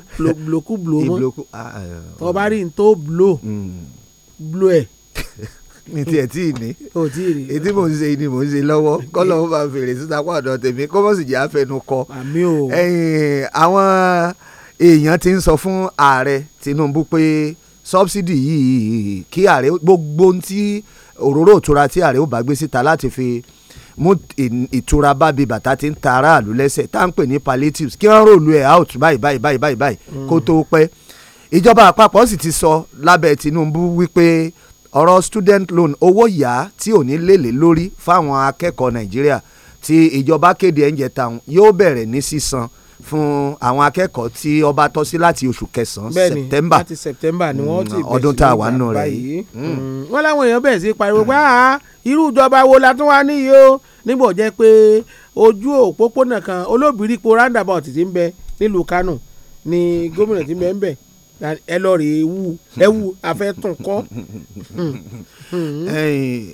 bloku blo mọ́ ah, eh, tó bá rí n tó blo hmm. blo ẹ̀. ní tiẹ̀ tí ì ní etí mò ń ṣe ni mò ń ṣe lọ́wọ́ kọ́lọ́ ń bá fèrè síta kó àdán tèmi kó mọ̀ sì jẹ́ àfẹnu kọ. àwọn èèyàn ti ń sọ fún ààrẹ Tinubu pé sọ́bsidì yìí kí ààrẹ gbogbo ohun tí òróró ìtura tí ààrẹ ó bá gbé síta láti fi mú ìtura bábi bàtà tí ń ta aráàlú lẹ́sẹ̀ tá à ń pè ní palliatives kí wọ́n ròlù ẹ̀ out báyìí báyìí báyìí báyìí báyìí kó mm. tó pẹ́ ìjọba àpapọ̀ sì ti sọ lábẹ́ Tinubu wípé ọ̀rọ̀ student loan owó yá tí ò ní lélẹ̀ lórí fáwọn akẹ́kọ̀ọ́ Nàìjíríà tí ìjọba kéde ẹ̀ ń jẹ tàun yóò bẹ̀rẹ̀ ní sísan si fún àwọn akẹ́kọ̀ọ́ tí ọba tọ́ sí láti oṣù kẹsàn-án september láti september ni wọ́n ti mm, bẹ̀rẹ̀ ọdún tá a wà nù rẹ̀ yìí. Mm. Mm. wọ́n láwọn èèyàn bẹ̀rẹ̀ sí pariwo pé ah, irú ìjọba wo la tún wá níyì o nígbà ó jẹ́ pé ojú òpópónà kan olóbìrípo roundabout ti ń bẹ nílùú kánò ni gómìnà ti ń bẹ ń bẹ ẹ lọ rè é wú ẹ wú afẹ́tún kọ́. Eh,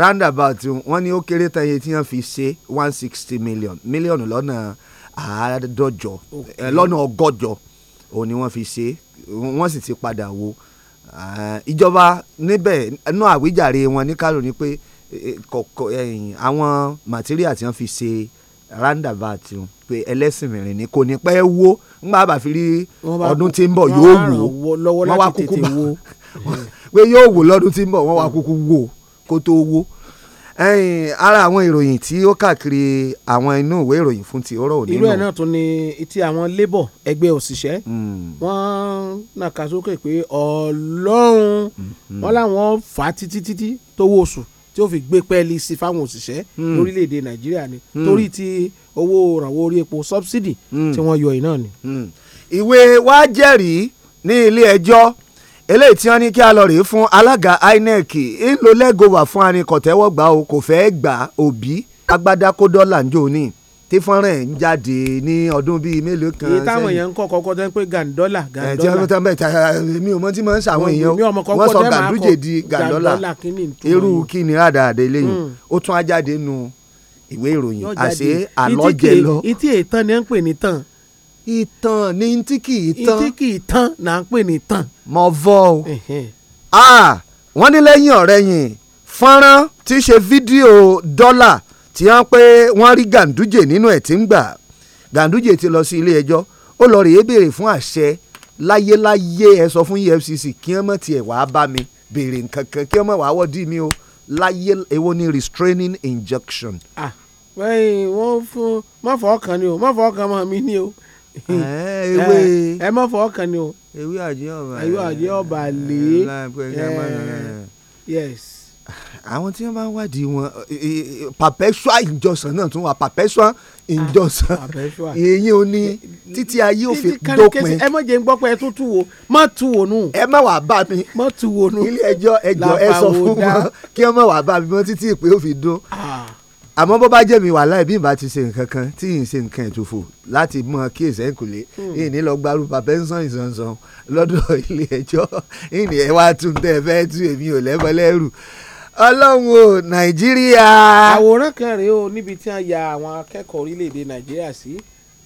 roundabout wọ́n ní ó kéré tán iye tí wọ́n fi ṣe one sixty million mílíọ̀nù lọ́nà àádọ́jọ lọ́nà ọgọ́jọ òun ni wọ́n fi ṣe wọ́n sì ti padà wo ìjọba níbẹ̀ inú àwíjàre wọn ní kárò ni pé àwọn màtíríà tí wọ́n fi ṣe roundabout pé ẹlẹ́sìn mìíràn ni kò ní pẹ́ wó ńgbà bá fi rí ọdún tí ń bọ̀ yóò wò wọ́n wá kúkú bá pé yóò wò lọ́dún tí ń wọ́n wá kúkú wò kó tó wó ara àwọn ìròyìn tí ó káàkiri àwọn inú ìwé ìròyìn fún ti ọ̀rọ̀ òní nù. irú ẹ̀ náà tún ni ti àwọn labour ẹgbẹ́ òṣìṣẹ́ hmm. wọ́n nàka sókè pé ọlọ́run hmm. wọ́n láwọn fà á títí títí tówó oṣù tí ó fi gbé pẹ́ẹ́lí sí fáwọn òṣìṣẹ́ hmm. lórílẹ̀‐èdè nàìjíríà ni torí ti owó ìrànwọ́ orí epo subsidy tí wọ́n yọ yìí ni. ìwé wàá jẹ́rìí ní ilé ẹjọ́ eléyìí tí wọ́n ní kí a lọ rèé fún alága INEC ń lo lẹ́gọ̀wà fún anikọ̀tẹ́wọ́gbà o kò fẹ́ gbà òbí agbádá kó dọ́là ń jò ní tí fọ́nrán ẹ̀ ń jáde ní ọdún bíi mélòó kan sẹ́yìn. táwọn èèyàn ń kọ́ kọ́kọ́ tẹ́ pé gàǹdọ́là gàǹdọ́là. ẹ̀jẹ̀ ló tán bẹ́ẹ̀ ta mi ò mọ tí mo ń ṣàwọn èèyàn wọ́n sọ gàǹdújè di gàǹdọ́là irú kí ni àdàdé lẹ́yìn hmm. ó tún á jáde nu ìwé ìròyìn àṣé àlọ́jẹ lọ. ìtì ètàn ni wọ́n ń pè ní tàn ìtàn ní tí kì í tán. tí kì í tán là ń pè ní tàn. mo vọ o wọ́n ní lẹ́yìn ọ̀rẹ́ yìí fọnrán tí ṣe fídíò dọ́là tí wọ́n pé wọ́n rí Ganduje nínú ẹ̀ tí ń gbà Ganduje ti lọ sí ilé ẹjọ́ ó lọ rèé béèrè fún àṣẹ láyéláyé ẹ sọ fún EFCC kí wọ́n mọ̀ tiẹ̀ wàá bá mi béèrè nǹkan kan kí wọ́n mọ̀ wàá wọ́dí mi o láyé ewo ni restraining injection. ah wẹ́n wọ́n fún má ọkàn ni o má ọkàn mọ́ mi ni o Eh, eh, eh, ewé ẹ mọ fọ ọkàn ni o ewé àjẹ ọba ewé àjẹ ọba lè yes. àwọn tí wọ́n bá ń wádìí wọn perpetual injunction náà tún wà perpetual ah, injunction èyí ò ní títí ayé ò fi dópin. ẹ má jẹ́ ń gbọ́ pé ẹ tún tù wò má tù wò nù. ẹ má wàá bá mi má tù wò nù. ilé ẹjọ́ ẹjọ́ ẹ sọ fún wọn kí wọ́n má wàá bá mi mọ́ títí ìpè ò fi dún. Ah àmọ́ bó bá jẹ́ mi wà láì bí ìbá ti ṣe nǹkan kan tí ì ń ṣe nǹkan ìtòfò láti mọ kí èsè hmm. ń kùlé ì ní lọ gbaru pàpẹ́ńsán ìsànsàn lọ́dọ̀ ilé ẹjọ́ ì ní ẹ wá tún tẹ́ ẹ fẹ́ tú èmi ò lẹ́bọ̀ lẹ́rù ọlọ́run o nàìjíríà. àwòrán kan rèé o níbi tí wọ́n ya àwọn akẹ́kọ̀ọ́ orílẹ̀-èdè nàìjíríà sí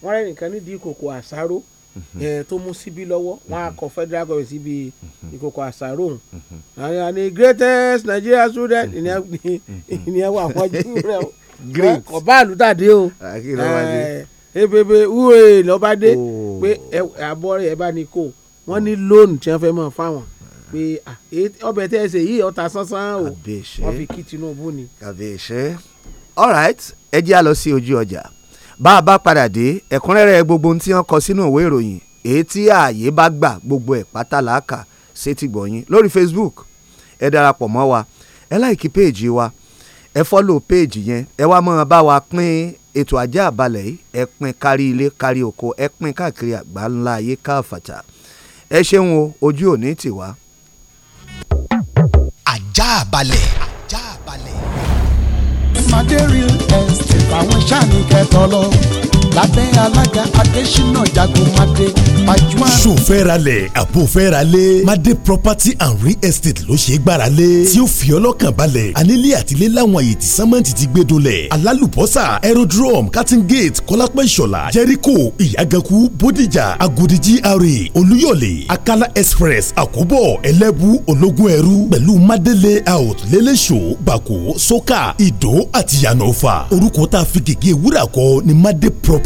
wọ́n rẹ́ nìkan nídìí ìkòkò àṣáró Mm-hmm. Eh, tó mú síbí lọ́wọ́ wọn á mm-hmm. kọ federal government síbi mm-hmm. ìkòkò àṣàrò òun àwọn ni greatest Nigerian student ìyẹn wà wọ́n jù rẹ̀ o kò bá àlùtàdé o ebebe uwe lọ́bàdé pé àbọ̀ rẹ̀ bá ní kó wọ́n ní loan tí wọ́n fẹ́ mọ̀ fáwọn pé ọbẹ̀ tẹ́ ẹ ṣe yìí ọ̀tá sánsán o wọ́n fi kí Tinubu ni. all right ẹ jẹ́ a lọ sí ojú ọjà bá a bá padà dé ẹ̀kúnrẹ́rẹ́ gbogbo ohun tí wọ́n kọ sínú ìwé ìròyìn èyí tí ààyè bá gbà gbogbo ẹ̀ pátá làákà sétí gbọ̀nyìn lórí Facebook ẹ darapọ̀ mọ́ wa ẹ láìkí péèjì wa ẹ fọ́lò péèjì yẹn ẹ wá mọ́ bá wa pín ètò ajé àbálẹ̀ yìí ẹ pín kárí ilé kárí oko ẹ pín káàkiri àgbá ńlá ayé káàfàtà ẹ ṣeun o ojú ò ní ajá balẹ̀. ajá balẹ̀. Adé real estate àwọn sáà ní kẹtọ lọ lábẹ́ alága adésínà jagun máde pajúwa. sofẹ́ralẹ̀ àbúfẹ́ralẹ̀ máde property and real estate ló ṣe é gbára lé tí ó fi ọlọ́kàn balẹ̀ anílé àtìlé láwọn àyè tí sámẹ́ǹtì ti gbé dolẹ̀ alálùbọ́sà aerodrome cutting gate kọ́lápẹ́ ìṣọ̀lá jẹ́ríkò ìyàgànkù bódìjà agodi gra olúyọ̀lé akala express àkóbọ̀ ẹlẹ́bù ológun ẹrú pẹ̀lú máde layout lẹ́lẹ́ṣọ́ bàkó sọ́kà ìdó àti yànnọ́fà orúkọ tá a fi ni máde property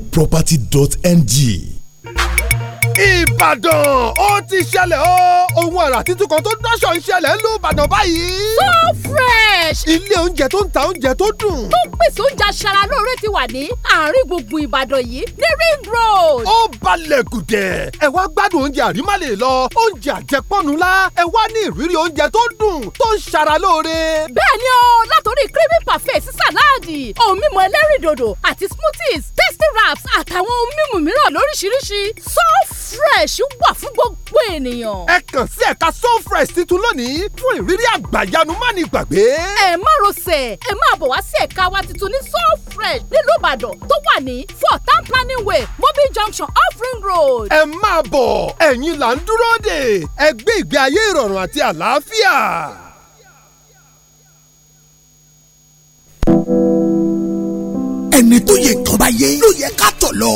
property.ng ìbàdàn ó ti ṣẹlẹ̀ ó ohun àrà títún kan tó dáṣọ ń ṣẹlẹ̀ ń lo ìbàdàn báyìí. so fresh. ilé oúnjẹ tó ń ta oúnjẹ tó dùn. tó pèsè oúnjẹ aṣara lóore ti wà ní àárín gbùngbùn ìbàdàn yìí ní ring road. ó balẹ̀ gùdẹ̀ ẹ wá gbádùn oúnjẹ àrímálè lọ oúnjẹ àjẹpọ̀nù la ẹ wá ní ìrírí oúnjẹ tó dùn tó ń ṣara lóore. bẹ́ẹ̀ ni o látòrí creamy parfait sí sàláàdì ohun mímu ẹlẹ́rìndòdò àti smoothies tasty wraps àtàwọn ohun mímu mìíràn lóríṣiríṣi so fresh fresh wà fún gbogbo ènìyàn. ẹ kàn sí ẹ̀ka so fresh tuntun lónìí fún ìrírí àgbàyanu má ní gbàgbé. ẹ má rọsẹ̀ ẹ máa bọ̀ wá sí ẹ̀ka wa tuntun ní so fresh nílùú ìbàdàn tó wà ní four town planning way mobi junction offering road. ẹ máa bọ̀ ẹ̀yin là ń dúró dè ẹ ìgbé ayé ìrọ̀rùn àti àlàáfíà. ẹni tó yẹ ayé ló yẹ ká tọ̀ lọ.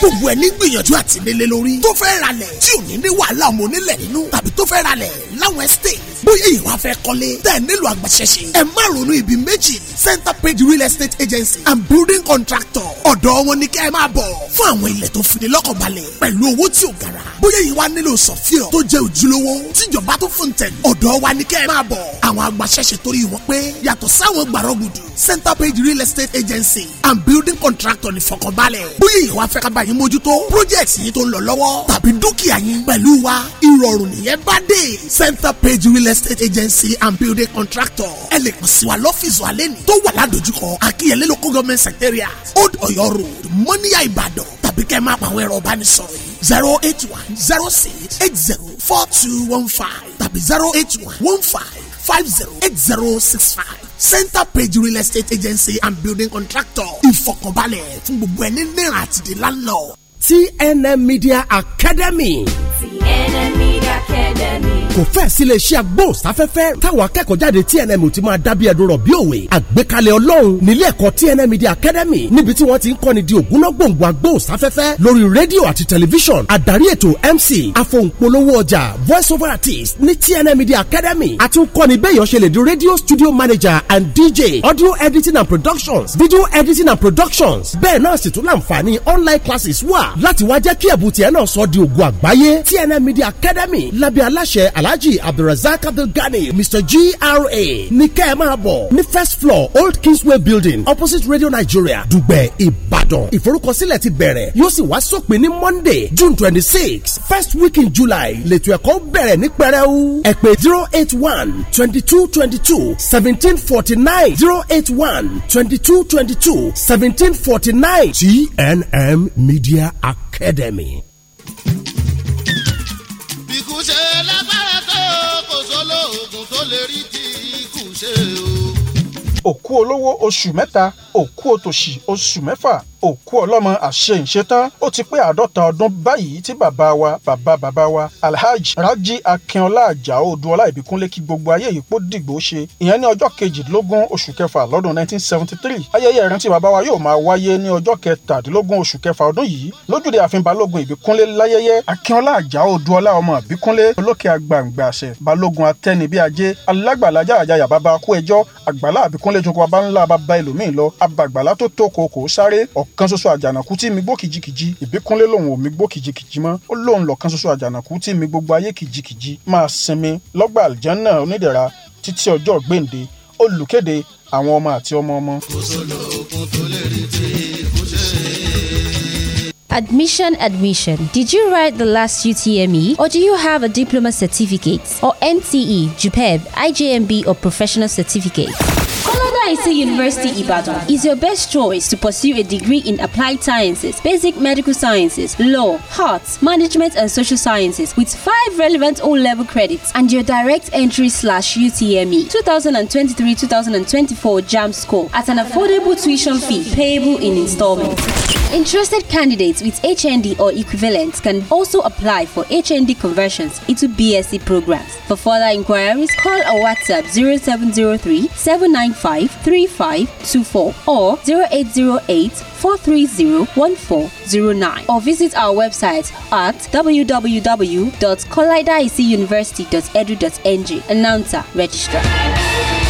gbogbo ẹni gbìyànjú àti nílé lórí tó fẹ́ ralẹ̀ tí ò ní ní wàhálà ọmọ onílẹ̀ nínú tàbí tó fẹ́ ralẹ̀ láwọn estate bóyá ìwà fẹ́ kọ́lé tẹ̀ nílò àgbàṣẹ́ṣe ẹ má ronú ibi méjì center page real estate agency and building contractor ọ̀dọ̀ wọn ni kẹ́ ẹ máa bọ̀ fún àwọn ilẹ̀ tó fini lọ́kàn balẹ̀ pẹ̀lú owó tí ò gara bóyá ìwà nílò sọ̀fíọ̀ tó jẹ́ ojúlówó tíjọba tó fún tẹ̀ ọ̀dọ̀ wa ni kẹ́ ẹ máa bọ̀ àwọn àgbàṣẹ́ṣe torí wọn pé yàtọ̀ sáwọn gbàrọ̀gùdù center page real estate agency and building building contractor ní fọkànbalẹ̀ bóyá ìwà fẹ́ ká bá yín mójútó project yìí tó ń lọ lọ́wọ́ tàbí dúkìá yín pẹ̀lú wa ìrọ̀rùn nìyẹn bá dé center page real estate agency and building contractor ẹ lè kàn sí wa lọ́fíìsì wa lẹ́nu tó wà ládojúkọ akínyẹlé local government secretariat old Ọ̀yọ́ road mọ́níyà ìbàdàn tàbí kẹ́ ẹ máa pa àwọn ẹ̀rọ ọ̀bánisọ̀rọ̀ yìí zero eight one zero six eight zero four two one five tàbí zero eight one one five five zero eight zero six five center page real estate agency and building contractor ìfọkànbalẹ̀ fún gbogbo ẹni náírà àti di landlord. TNM Media Academy. TNM Media Academy kò fẹ́ sílé iṣẹ́ agbóhùnsáfẹ́fẹ́ táwọn akẹ́kọ̀ọ́ jáde TNM ti máa dábìí ẹ̀dùn rọ̀ bí òwe àgbékalẹ̀ ọlọ́run nílé ẹ̀kọ́ TNM Media Academy níbi tí wọ́n ti ń kọ́ni di ògúnná gbòǹgbò agbóhùnsáfẹ́fẹ́ lórí rédíò àti tẹlifíṣọ̀n àdarí ètò MC afohùnpolówó ọjà voice over artist ní TNM Media Academy àti ń kọ́ni bẹ́yàn ṣe lè di radio studio manager and DJ audio editing and productions video editing and productions bẹ́ẹ̀ náà sì tún láǹfààní online classes wà láti wá jẹ́ kí ẹ̀bùn tiẹ̀ náà sọ di ògùn àgbáyé TNM Media Academy lábẹ́ aláṣẹ àl alhaji abdulrasaq abdulgani mr gra ní kẹ́ ẹ máa bọ̀ ní first floor old kingsway building opposite radio nigeria dùgbẹ̀ ìbàdàn ìforúkọsílẹ̀ ti bẹ̀rẹ̀ yóò sì wá sópin ní monday june twenty six first week in july lẹ́tọ̀ ẹ̀kọ́ bẹ̀rẹ̀ ní pẹrẹu ẹ zero eight one twenty two twenty two seventeen forty nine zero eight one twenty two twenty two seventeen forty nine tnm media academy. òkú olówó oṣù mẹ́ta òkú òtòṣì oṣù mẹ́fà òkú ọlọ́mọ àṣeyìnṣetán ó ti pé àádọ́ta ọdún báyìí tí bàbá wa bàbá bàbá wa alhaji raji akínọlá àjàó odúọlá ìbíkúnlé kí gbogbo ayé yìí pó dìgbò ṣe ìyẹn ní ọjọ́ kejìdínlógún oṣù kẹfà lọ́dún 1973 ayẹyẹ ìrántí bàbá wa yóò máa wáyé ní ọjọ́ kẹtàdínlógún oṣù kẹfà ọdún yìí lójúde ààfin balógun ìbíkúnlé láyẹyẹ akínọlá àjàó odúọlá ọmọ ìbíkúnlé olókè àgbàǹgbàṣẹ balógun atẹnibíajé alágbàlájà àjàyà bàbá akú ẹjọ́ àgbàlá ìbíkúnlé wọ́n lè ńlá bàbá ẹlòmíì lọ abàgbàlá tó tó kòkó sáré ọ̀kan ṣoṣo àjànàkú tí mi gbó kìjikìji ìbíkúnlé lòun ò mi gbó kìjikìji mọ́ ó lóun lọ̀kan ṣoṣo àjànàkú tí mi gbogbo ayé kìjikìji máa sinmi lọ́gbà àlìjánná onídẹ̀ra títí ọjọ́ gbèǹde olùkéde àwọn ọmọ àti ọmọ ọmọ. Admission, admission. Did you write the last UTME or do you have a diploma certificate or NTE, JUPEB, IJMB or professional certificate? Olada Isi University Ibadan is your best choice to pursue a degree in applied sciences, basic medical sciences, law, arts, management and social sciences with five relevant O-level credits and your direct entry slash UTME 2023-2024 JAM score at an affordable tuition fee payable in installments. Interested candidates with HND or equivalent can also apply for HND conversions into BSc programs. For further inquiries, call or WhatsApp 0703 794 08535 or 0808 430 1409 or visit our website at www.collideicuniversity.edu.ng. Announcer register.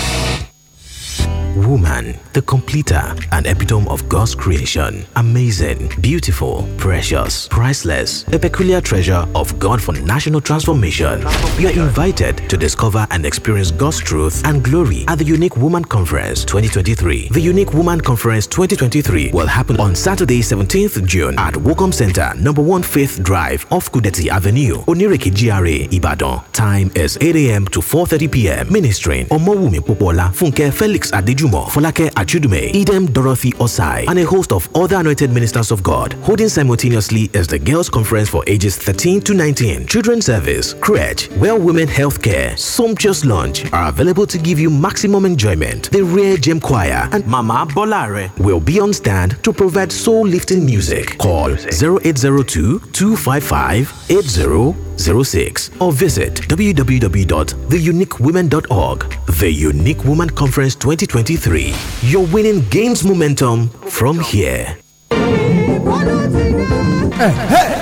Woman, the completer and epitome of God's creation. Amazing, beautiful, precious, priceless, a peculiar treasure of God for national transformation. You are invited to discover and experience God's truth and glory at the Unique Woman Conference 2023. The Unique Woman Conference 2023 will happen on Saturday, 17th June at Welcome Center, number 1 Faith Drive off Kudeti Avenue, Onireke GRA, Ibadan. Time is 8 a.m. to 4.30 p.m. Ministering Omowumi Popola, Funke Felix Adeju Ajumo, Folake Achudume, Idem Dorothy Osai, and a host of other anointed ministers of God, holding simultaneously as the Girls' Conference for ages 13 to 19, Children's Service, Crèche, Well Women Healthcare, Sumptuous Lunch are available to give you maximum enjoyment. The Rare Gem Choir and Mama Bolare will be on stand to provide soul lifting music. Call 0802 255 8006 or visit www.theuniquewomen.org. The Unique Woman Conference 2020 2023. You're winning games momentum from here.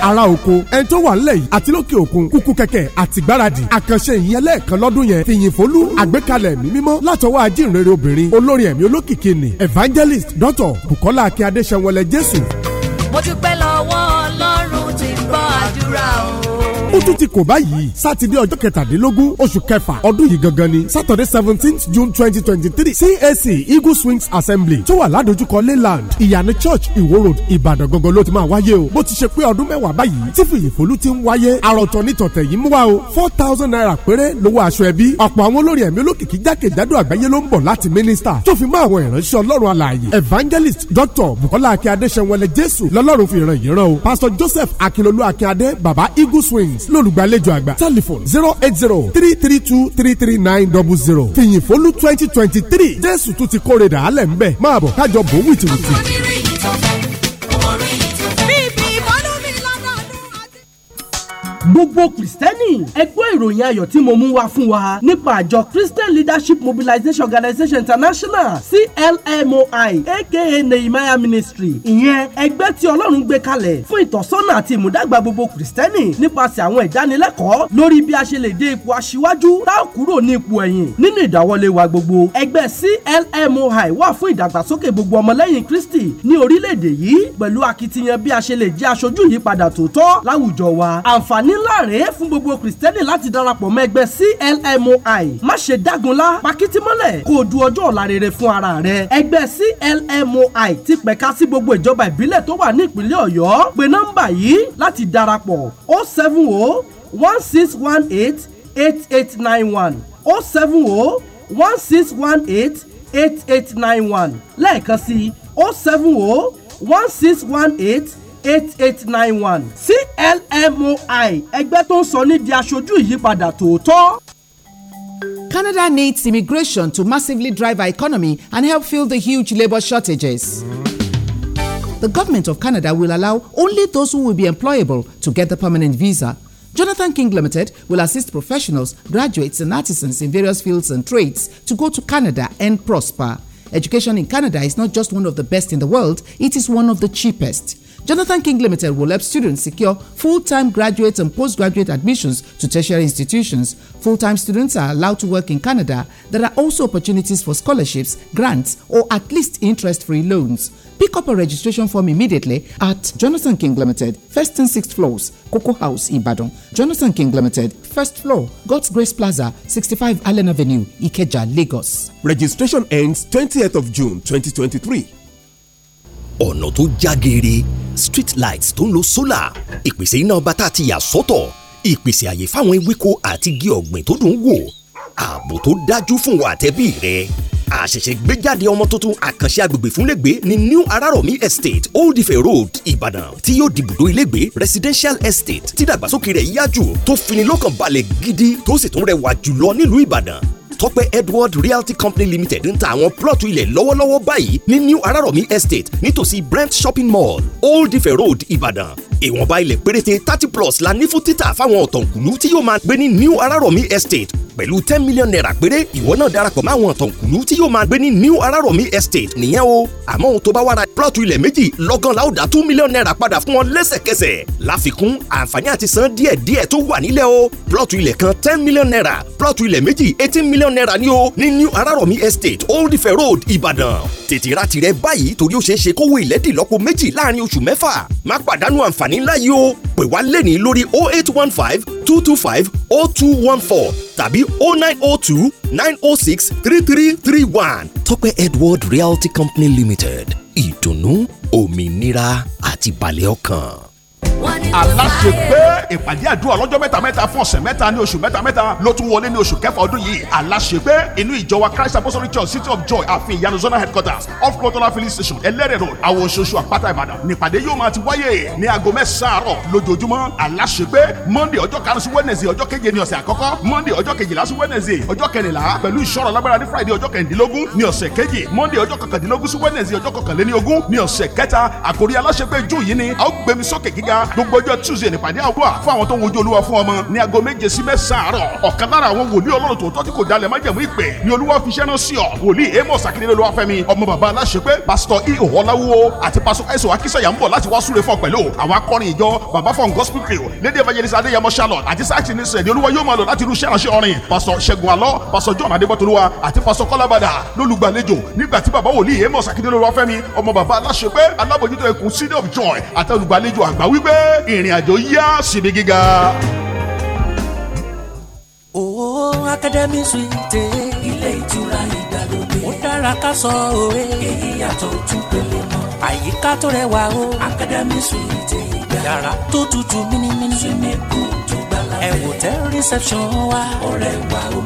ara oko ẹni tó wà nílẹ̀ yìí àti lókè òkun kúkú kẹ̀kẹ́ àti gbáradì àkànṣe ìyẹn lẹ́ẹ̀kan lọ́dún yẹn fìyìn fólú àgbékalẹ̀ ẹ̀mí mímọ́ látọwọ́ ajínrere obìnrin olórí ẹ̀mí olókìkí ni evangelist dr bukola akíndéṣẹ́wọlẹ̀ jésù. mo ti pẹ́ lọ́wọ́ ọlọ́run ti gbọ́ àdúrà o ó tún ti kò báyìí sátidé ọjọ́ kẹtàdínlógún oṣù kẹfà ọdún yìí gangan ni saturday seventeenth june twenty twenty three cac eagle swings assembly tó wà ládojúkọ leyland ìyànà church ìwó road ìbàdàn gangan ló ti máa wáyé o bó ti ṣe pé ọdún mẹ́wàá báyìí tí fìyìfòlù ti ń wáyé àròtọ̀ ní tọ̀tẹ̀ yìí mú wa o four thousand naira péré lówó aṣọ ẹbí ọ̀pọ̀ àwọn olórí ẹ̀mí olókìkí jákèjádò àgbáyé ló ń bọ̀ láti mínísítà evangelist dr bukola akíndé ṣẹ̀wọ̀lẹ̀ jésù lọ́lọ́run fi ìran o pastor joseph akilolu akíndé baba eagle swings evans lólùgbàlejò àgbà tẹlifon zero eight zero three three two three three nine double zero fìyìnfolú twenty twenty three jésù tún ti kórè dàálẹ̀ ńbẹ̀ máa bọ̀ kájọ bò wìtìwìtì. gbogbo kristẹni ẹ gbọ́ ìròyìn ayọ̀ tí mo mú wá fún wa nípa àjọ christian leadership mobilization organization international clmoi aka nehemiah ministry ìyẹn ẹgbẹ́ tí ọlọ́run gbé kalẹ̀ fún ìtọ́sọ́nà àti ìmúdàgbà gbogbo kristẹni nípasẹ̀ àwọn ìdánilẹ́kọ̀ọ́ lórí bí a ṣe lè dé ipò aṣíwájú tá a kúrò ní ipò ẹ̀yìn nínú ìdáwọlé wa gbogbo ẹgbẹ́ clmoi wà fún ìdàgbàsókè gbogbo ọmọlẹ́yìn kristi ní orílẹ̀-èdè yìí pẹ̀lú akitiyan bí a ṣe lè jẹ́ aṣojú ìyípadà tòótọ́ láwùjọ wa àǹfààní àǹfààní láre fún gbogbo kìrìsìtẹ́nì láti darapọ̀ mọ́ ẹgbẹ́ CLMOI má ṣe dágunlá pakítí mọ́lẹ̀ kó o du ọjọ́ ọ̀la rere fún ara rẹ ẹgbẹ́ CLMOI ti pẹ̀ka sí gbogbo ìjọba ìbílẹ̀ tó wà ní ìpínlẹ̀ Ọ̀yọ́ pé nọ́mbà yìí láti darapọ̀ 070 1618 8891 070 1618 8891 lẹ́ẹ̀kan sí 070 1618 eight eight nine one CLMOI ẹgbẹ́ tó ń sọ nídìí aṣojú ìyípadà tòótọ́. Canada needs immigration to massively drive our economy and help fill the huge labour shortages. The government of Canada will allow only those who will be employable to get the permanent visa. Jonathan King Limited will assist professionals, graduates, and artisans in various fields and trades to go to Canada and prosper. Education in Canada is not just one of the best in the world, it is one of the cheapest. Jonathan King Limited will help students secure full time graduate and postgraduate admissions to tertiary institutions. Full time students are allowed to work in Canada. There are also opportunities for scholarships, grants, or at least interest free loans. Pick up a registration form immediately at Jonathan King Limited, first and sixth floors, Coco House, Ibadan. Jonathan King Limited, first floor, God's Grace Plaza, 65 Allen Avenue, Ikeja, Lagos. Registration ends 20th of June 2023. ọ̀nà tó já geere street lights tó ń lo solar ìpèsè iná ọba tá a ti yà sọ́tọ̀ ìpèsè àyè fáwọn ewéko àti igi ọ̀gbìn tó dùn ún wò ààbò tó dájú fún wa àtẹ̀bí rẹ àṣẹ̀ṣẹ̀ gbéjáde ọmọ tuntun àkànṣe agbègbè fúnlégbé ni new araromi estate old ife road Ibadan. tí yóò dìbùdó ilégbé residential estate tí dàgbàsókè rẹ̀ yájú tó fini lọ́kàn balẹ̀ gidi tó sì tún rẹwà jùlọ nílùú ìbàdàn tọ́pẹ́ edward realty company limited ń ta àwọn plọ́ọ̀tù ilẹ̀ lọ́wọ́lọ́wọ́ báyìí ní new araromi estate nítòsí brent shopping mall old ife road ìbàdàn ìwọ̀nba ilẹ̀ péréte thirty plus la ní fún títà fáwọn ọ̀tọ̀kùlú tí yóò máa gbé ní new araromi estate pẹ̀lú ten million naira péré ìwọ náà darapọ̀ mọ́ àwọn ọ̀tọ̀kùlú tí yóò máa gbé ní new araromi estate nìyẹn o àmọ́ ohun tó bá wára plọ́ọ̀tù ilẹ̀ méjì lọ́gán la ó dá two million naira padà fún wọn lẹ́sẹ̀kẹsẹ̀ láfikún àǹfààní àti san díẹ̀díẹ̀ tó wà nílẹ̀ o plọ́ọ̀tù ilẹ̀ kan ten million naira plọ́ọ̀tù ilẹ̀ méjì eighteen million mílíọ̀nù náírà ni o ní new arárọ̀mí estate old ife road ìbàdàn tètè ra tirẹ̀ báyìí torí ó ṣeé ṣe kówó ilẹ̀ di lọ́pọ̀ méjì láàrin oṣù mẹ́fà má pàdánù àǹfààní ńlá yìí o pè wá lẹ́ni lórí 0815 225 0214 tàbí 0902 906 3331 tọ́pẹ́ edward realty company limited ìdùnnú òmìnira àti balẹ̀ ọkàn aláṣẹ pé ìpàdé àdúrà ọlọ́jọ́ mẹ́ta mẹ́ta fún ọ̀sẹ̀ mẹ́ta ní oṣù mẹ́ta mẹ́ta ló tún wọlé ní oṣù kẹfà ọdún yìí aláṣẹ pé inú ìjọwa Christ Apostolic Church City of Joy àfin ìyanu zona headquarters off Kọ́tọ́lá filling station ẹlẹ́rẹ̀ road àwọn oṣooṣù àpáta Ìbàdàn nípàdé yóò máa ti wáyé ní aago mẹ́sàn-án àárọ̀ lójoojúmọ́ aláṣẹ pé Monday ọjọ́ karùn-ún sí Wednesday ọjọ́ keje ní ọ̀sẹ̀ àkọ́kọ́ Monday ọjọ́ kejìlá sí Wednesday ọjọ́ kẹrìnlá pẹ̀lú ìṣọ́rọ̀ lágbára ní Friday ọjọ́ kẹrìndínlógún ní ọ̀sẹ̀ kejì Monday ọjọ́ kọkàndínlógún sí Wednesday ọjọ́ kọkànléní ogún ní ọ̀sẹ̀ kẹta àkórí aláṣẹ pé jù yìí ni a ó gbémi sókè gíga gbéraga gbogbo ọjọ́ tuesday nípàdé àwọ̀ fún àwọn tó ń wojú olúwa fún ọmọ ní aago méje sí mẹ́sàn-án àárọ̀ ọ̀kan lára àwọn wòlíì ọlọ́run tòótọ́ tí kò dalẹ̀ májẹ̀mú ìpè ni olúwa fi ṣẹ́ná sí ọ wòlíì amos akíndélé olúwafẹ́mi ọmọ bàbá aláṣepé pásítọ̀ iho e ọláwúwo àti pásítọ̀ ẹ̀sọ́ akísọ̀yà ń bọ̀ láti wá súre fún ọ pẹ̀lú àwọn akọrin ìjọ bàbá fún gospel crew lady evangelist adéyẹmọ charlotte àti sáàtì ní sẹ̀dí olúwa yóò máa lò láti irú ṣẹ́ránṣẹ́ orin pásítọ̀ ṣẹ́gun alọ́ pásítọ̀ john adébọ́tolúwa àti pásítọ̀ kọ́lábàdà lólùgbàlejò nígbà tí bàbá wòlíì amos akíndélé olúwafẹ́mi ọmọ bàbá aláṣepé alábòjútó ẹkùn city of joy àti olùgbàlejò àgbà wí wípé ìrìn àjò yá síbi gíga. owó Academy Suite ilé ìtura ìgbàlódé ó dára ká sọ òwe èyí yàtọ̀ ojú pele mọ́ àyíká tó rẹwà o Academy Suite ìgbà yàrá tó tutù mímímí swimming pool tó gbàlá bẹ́ẹ̀ ẹ̀wò tẹ́ reception wa ọ̀rẹ́ wa o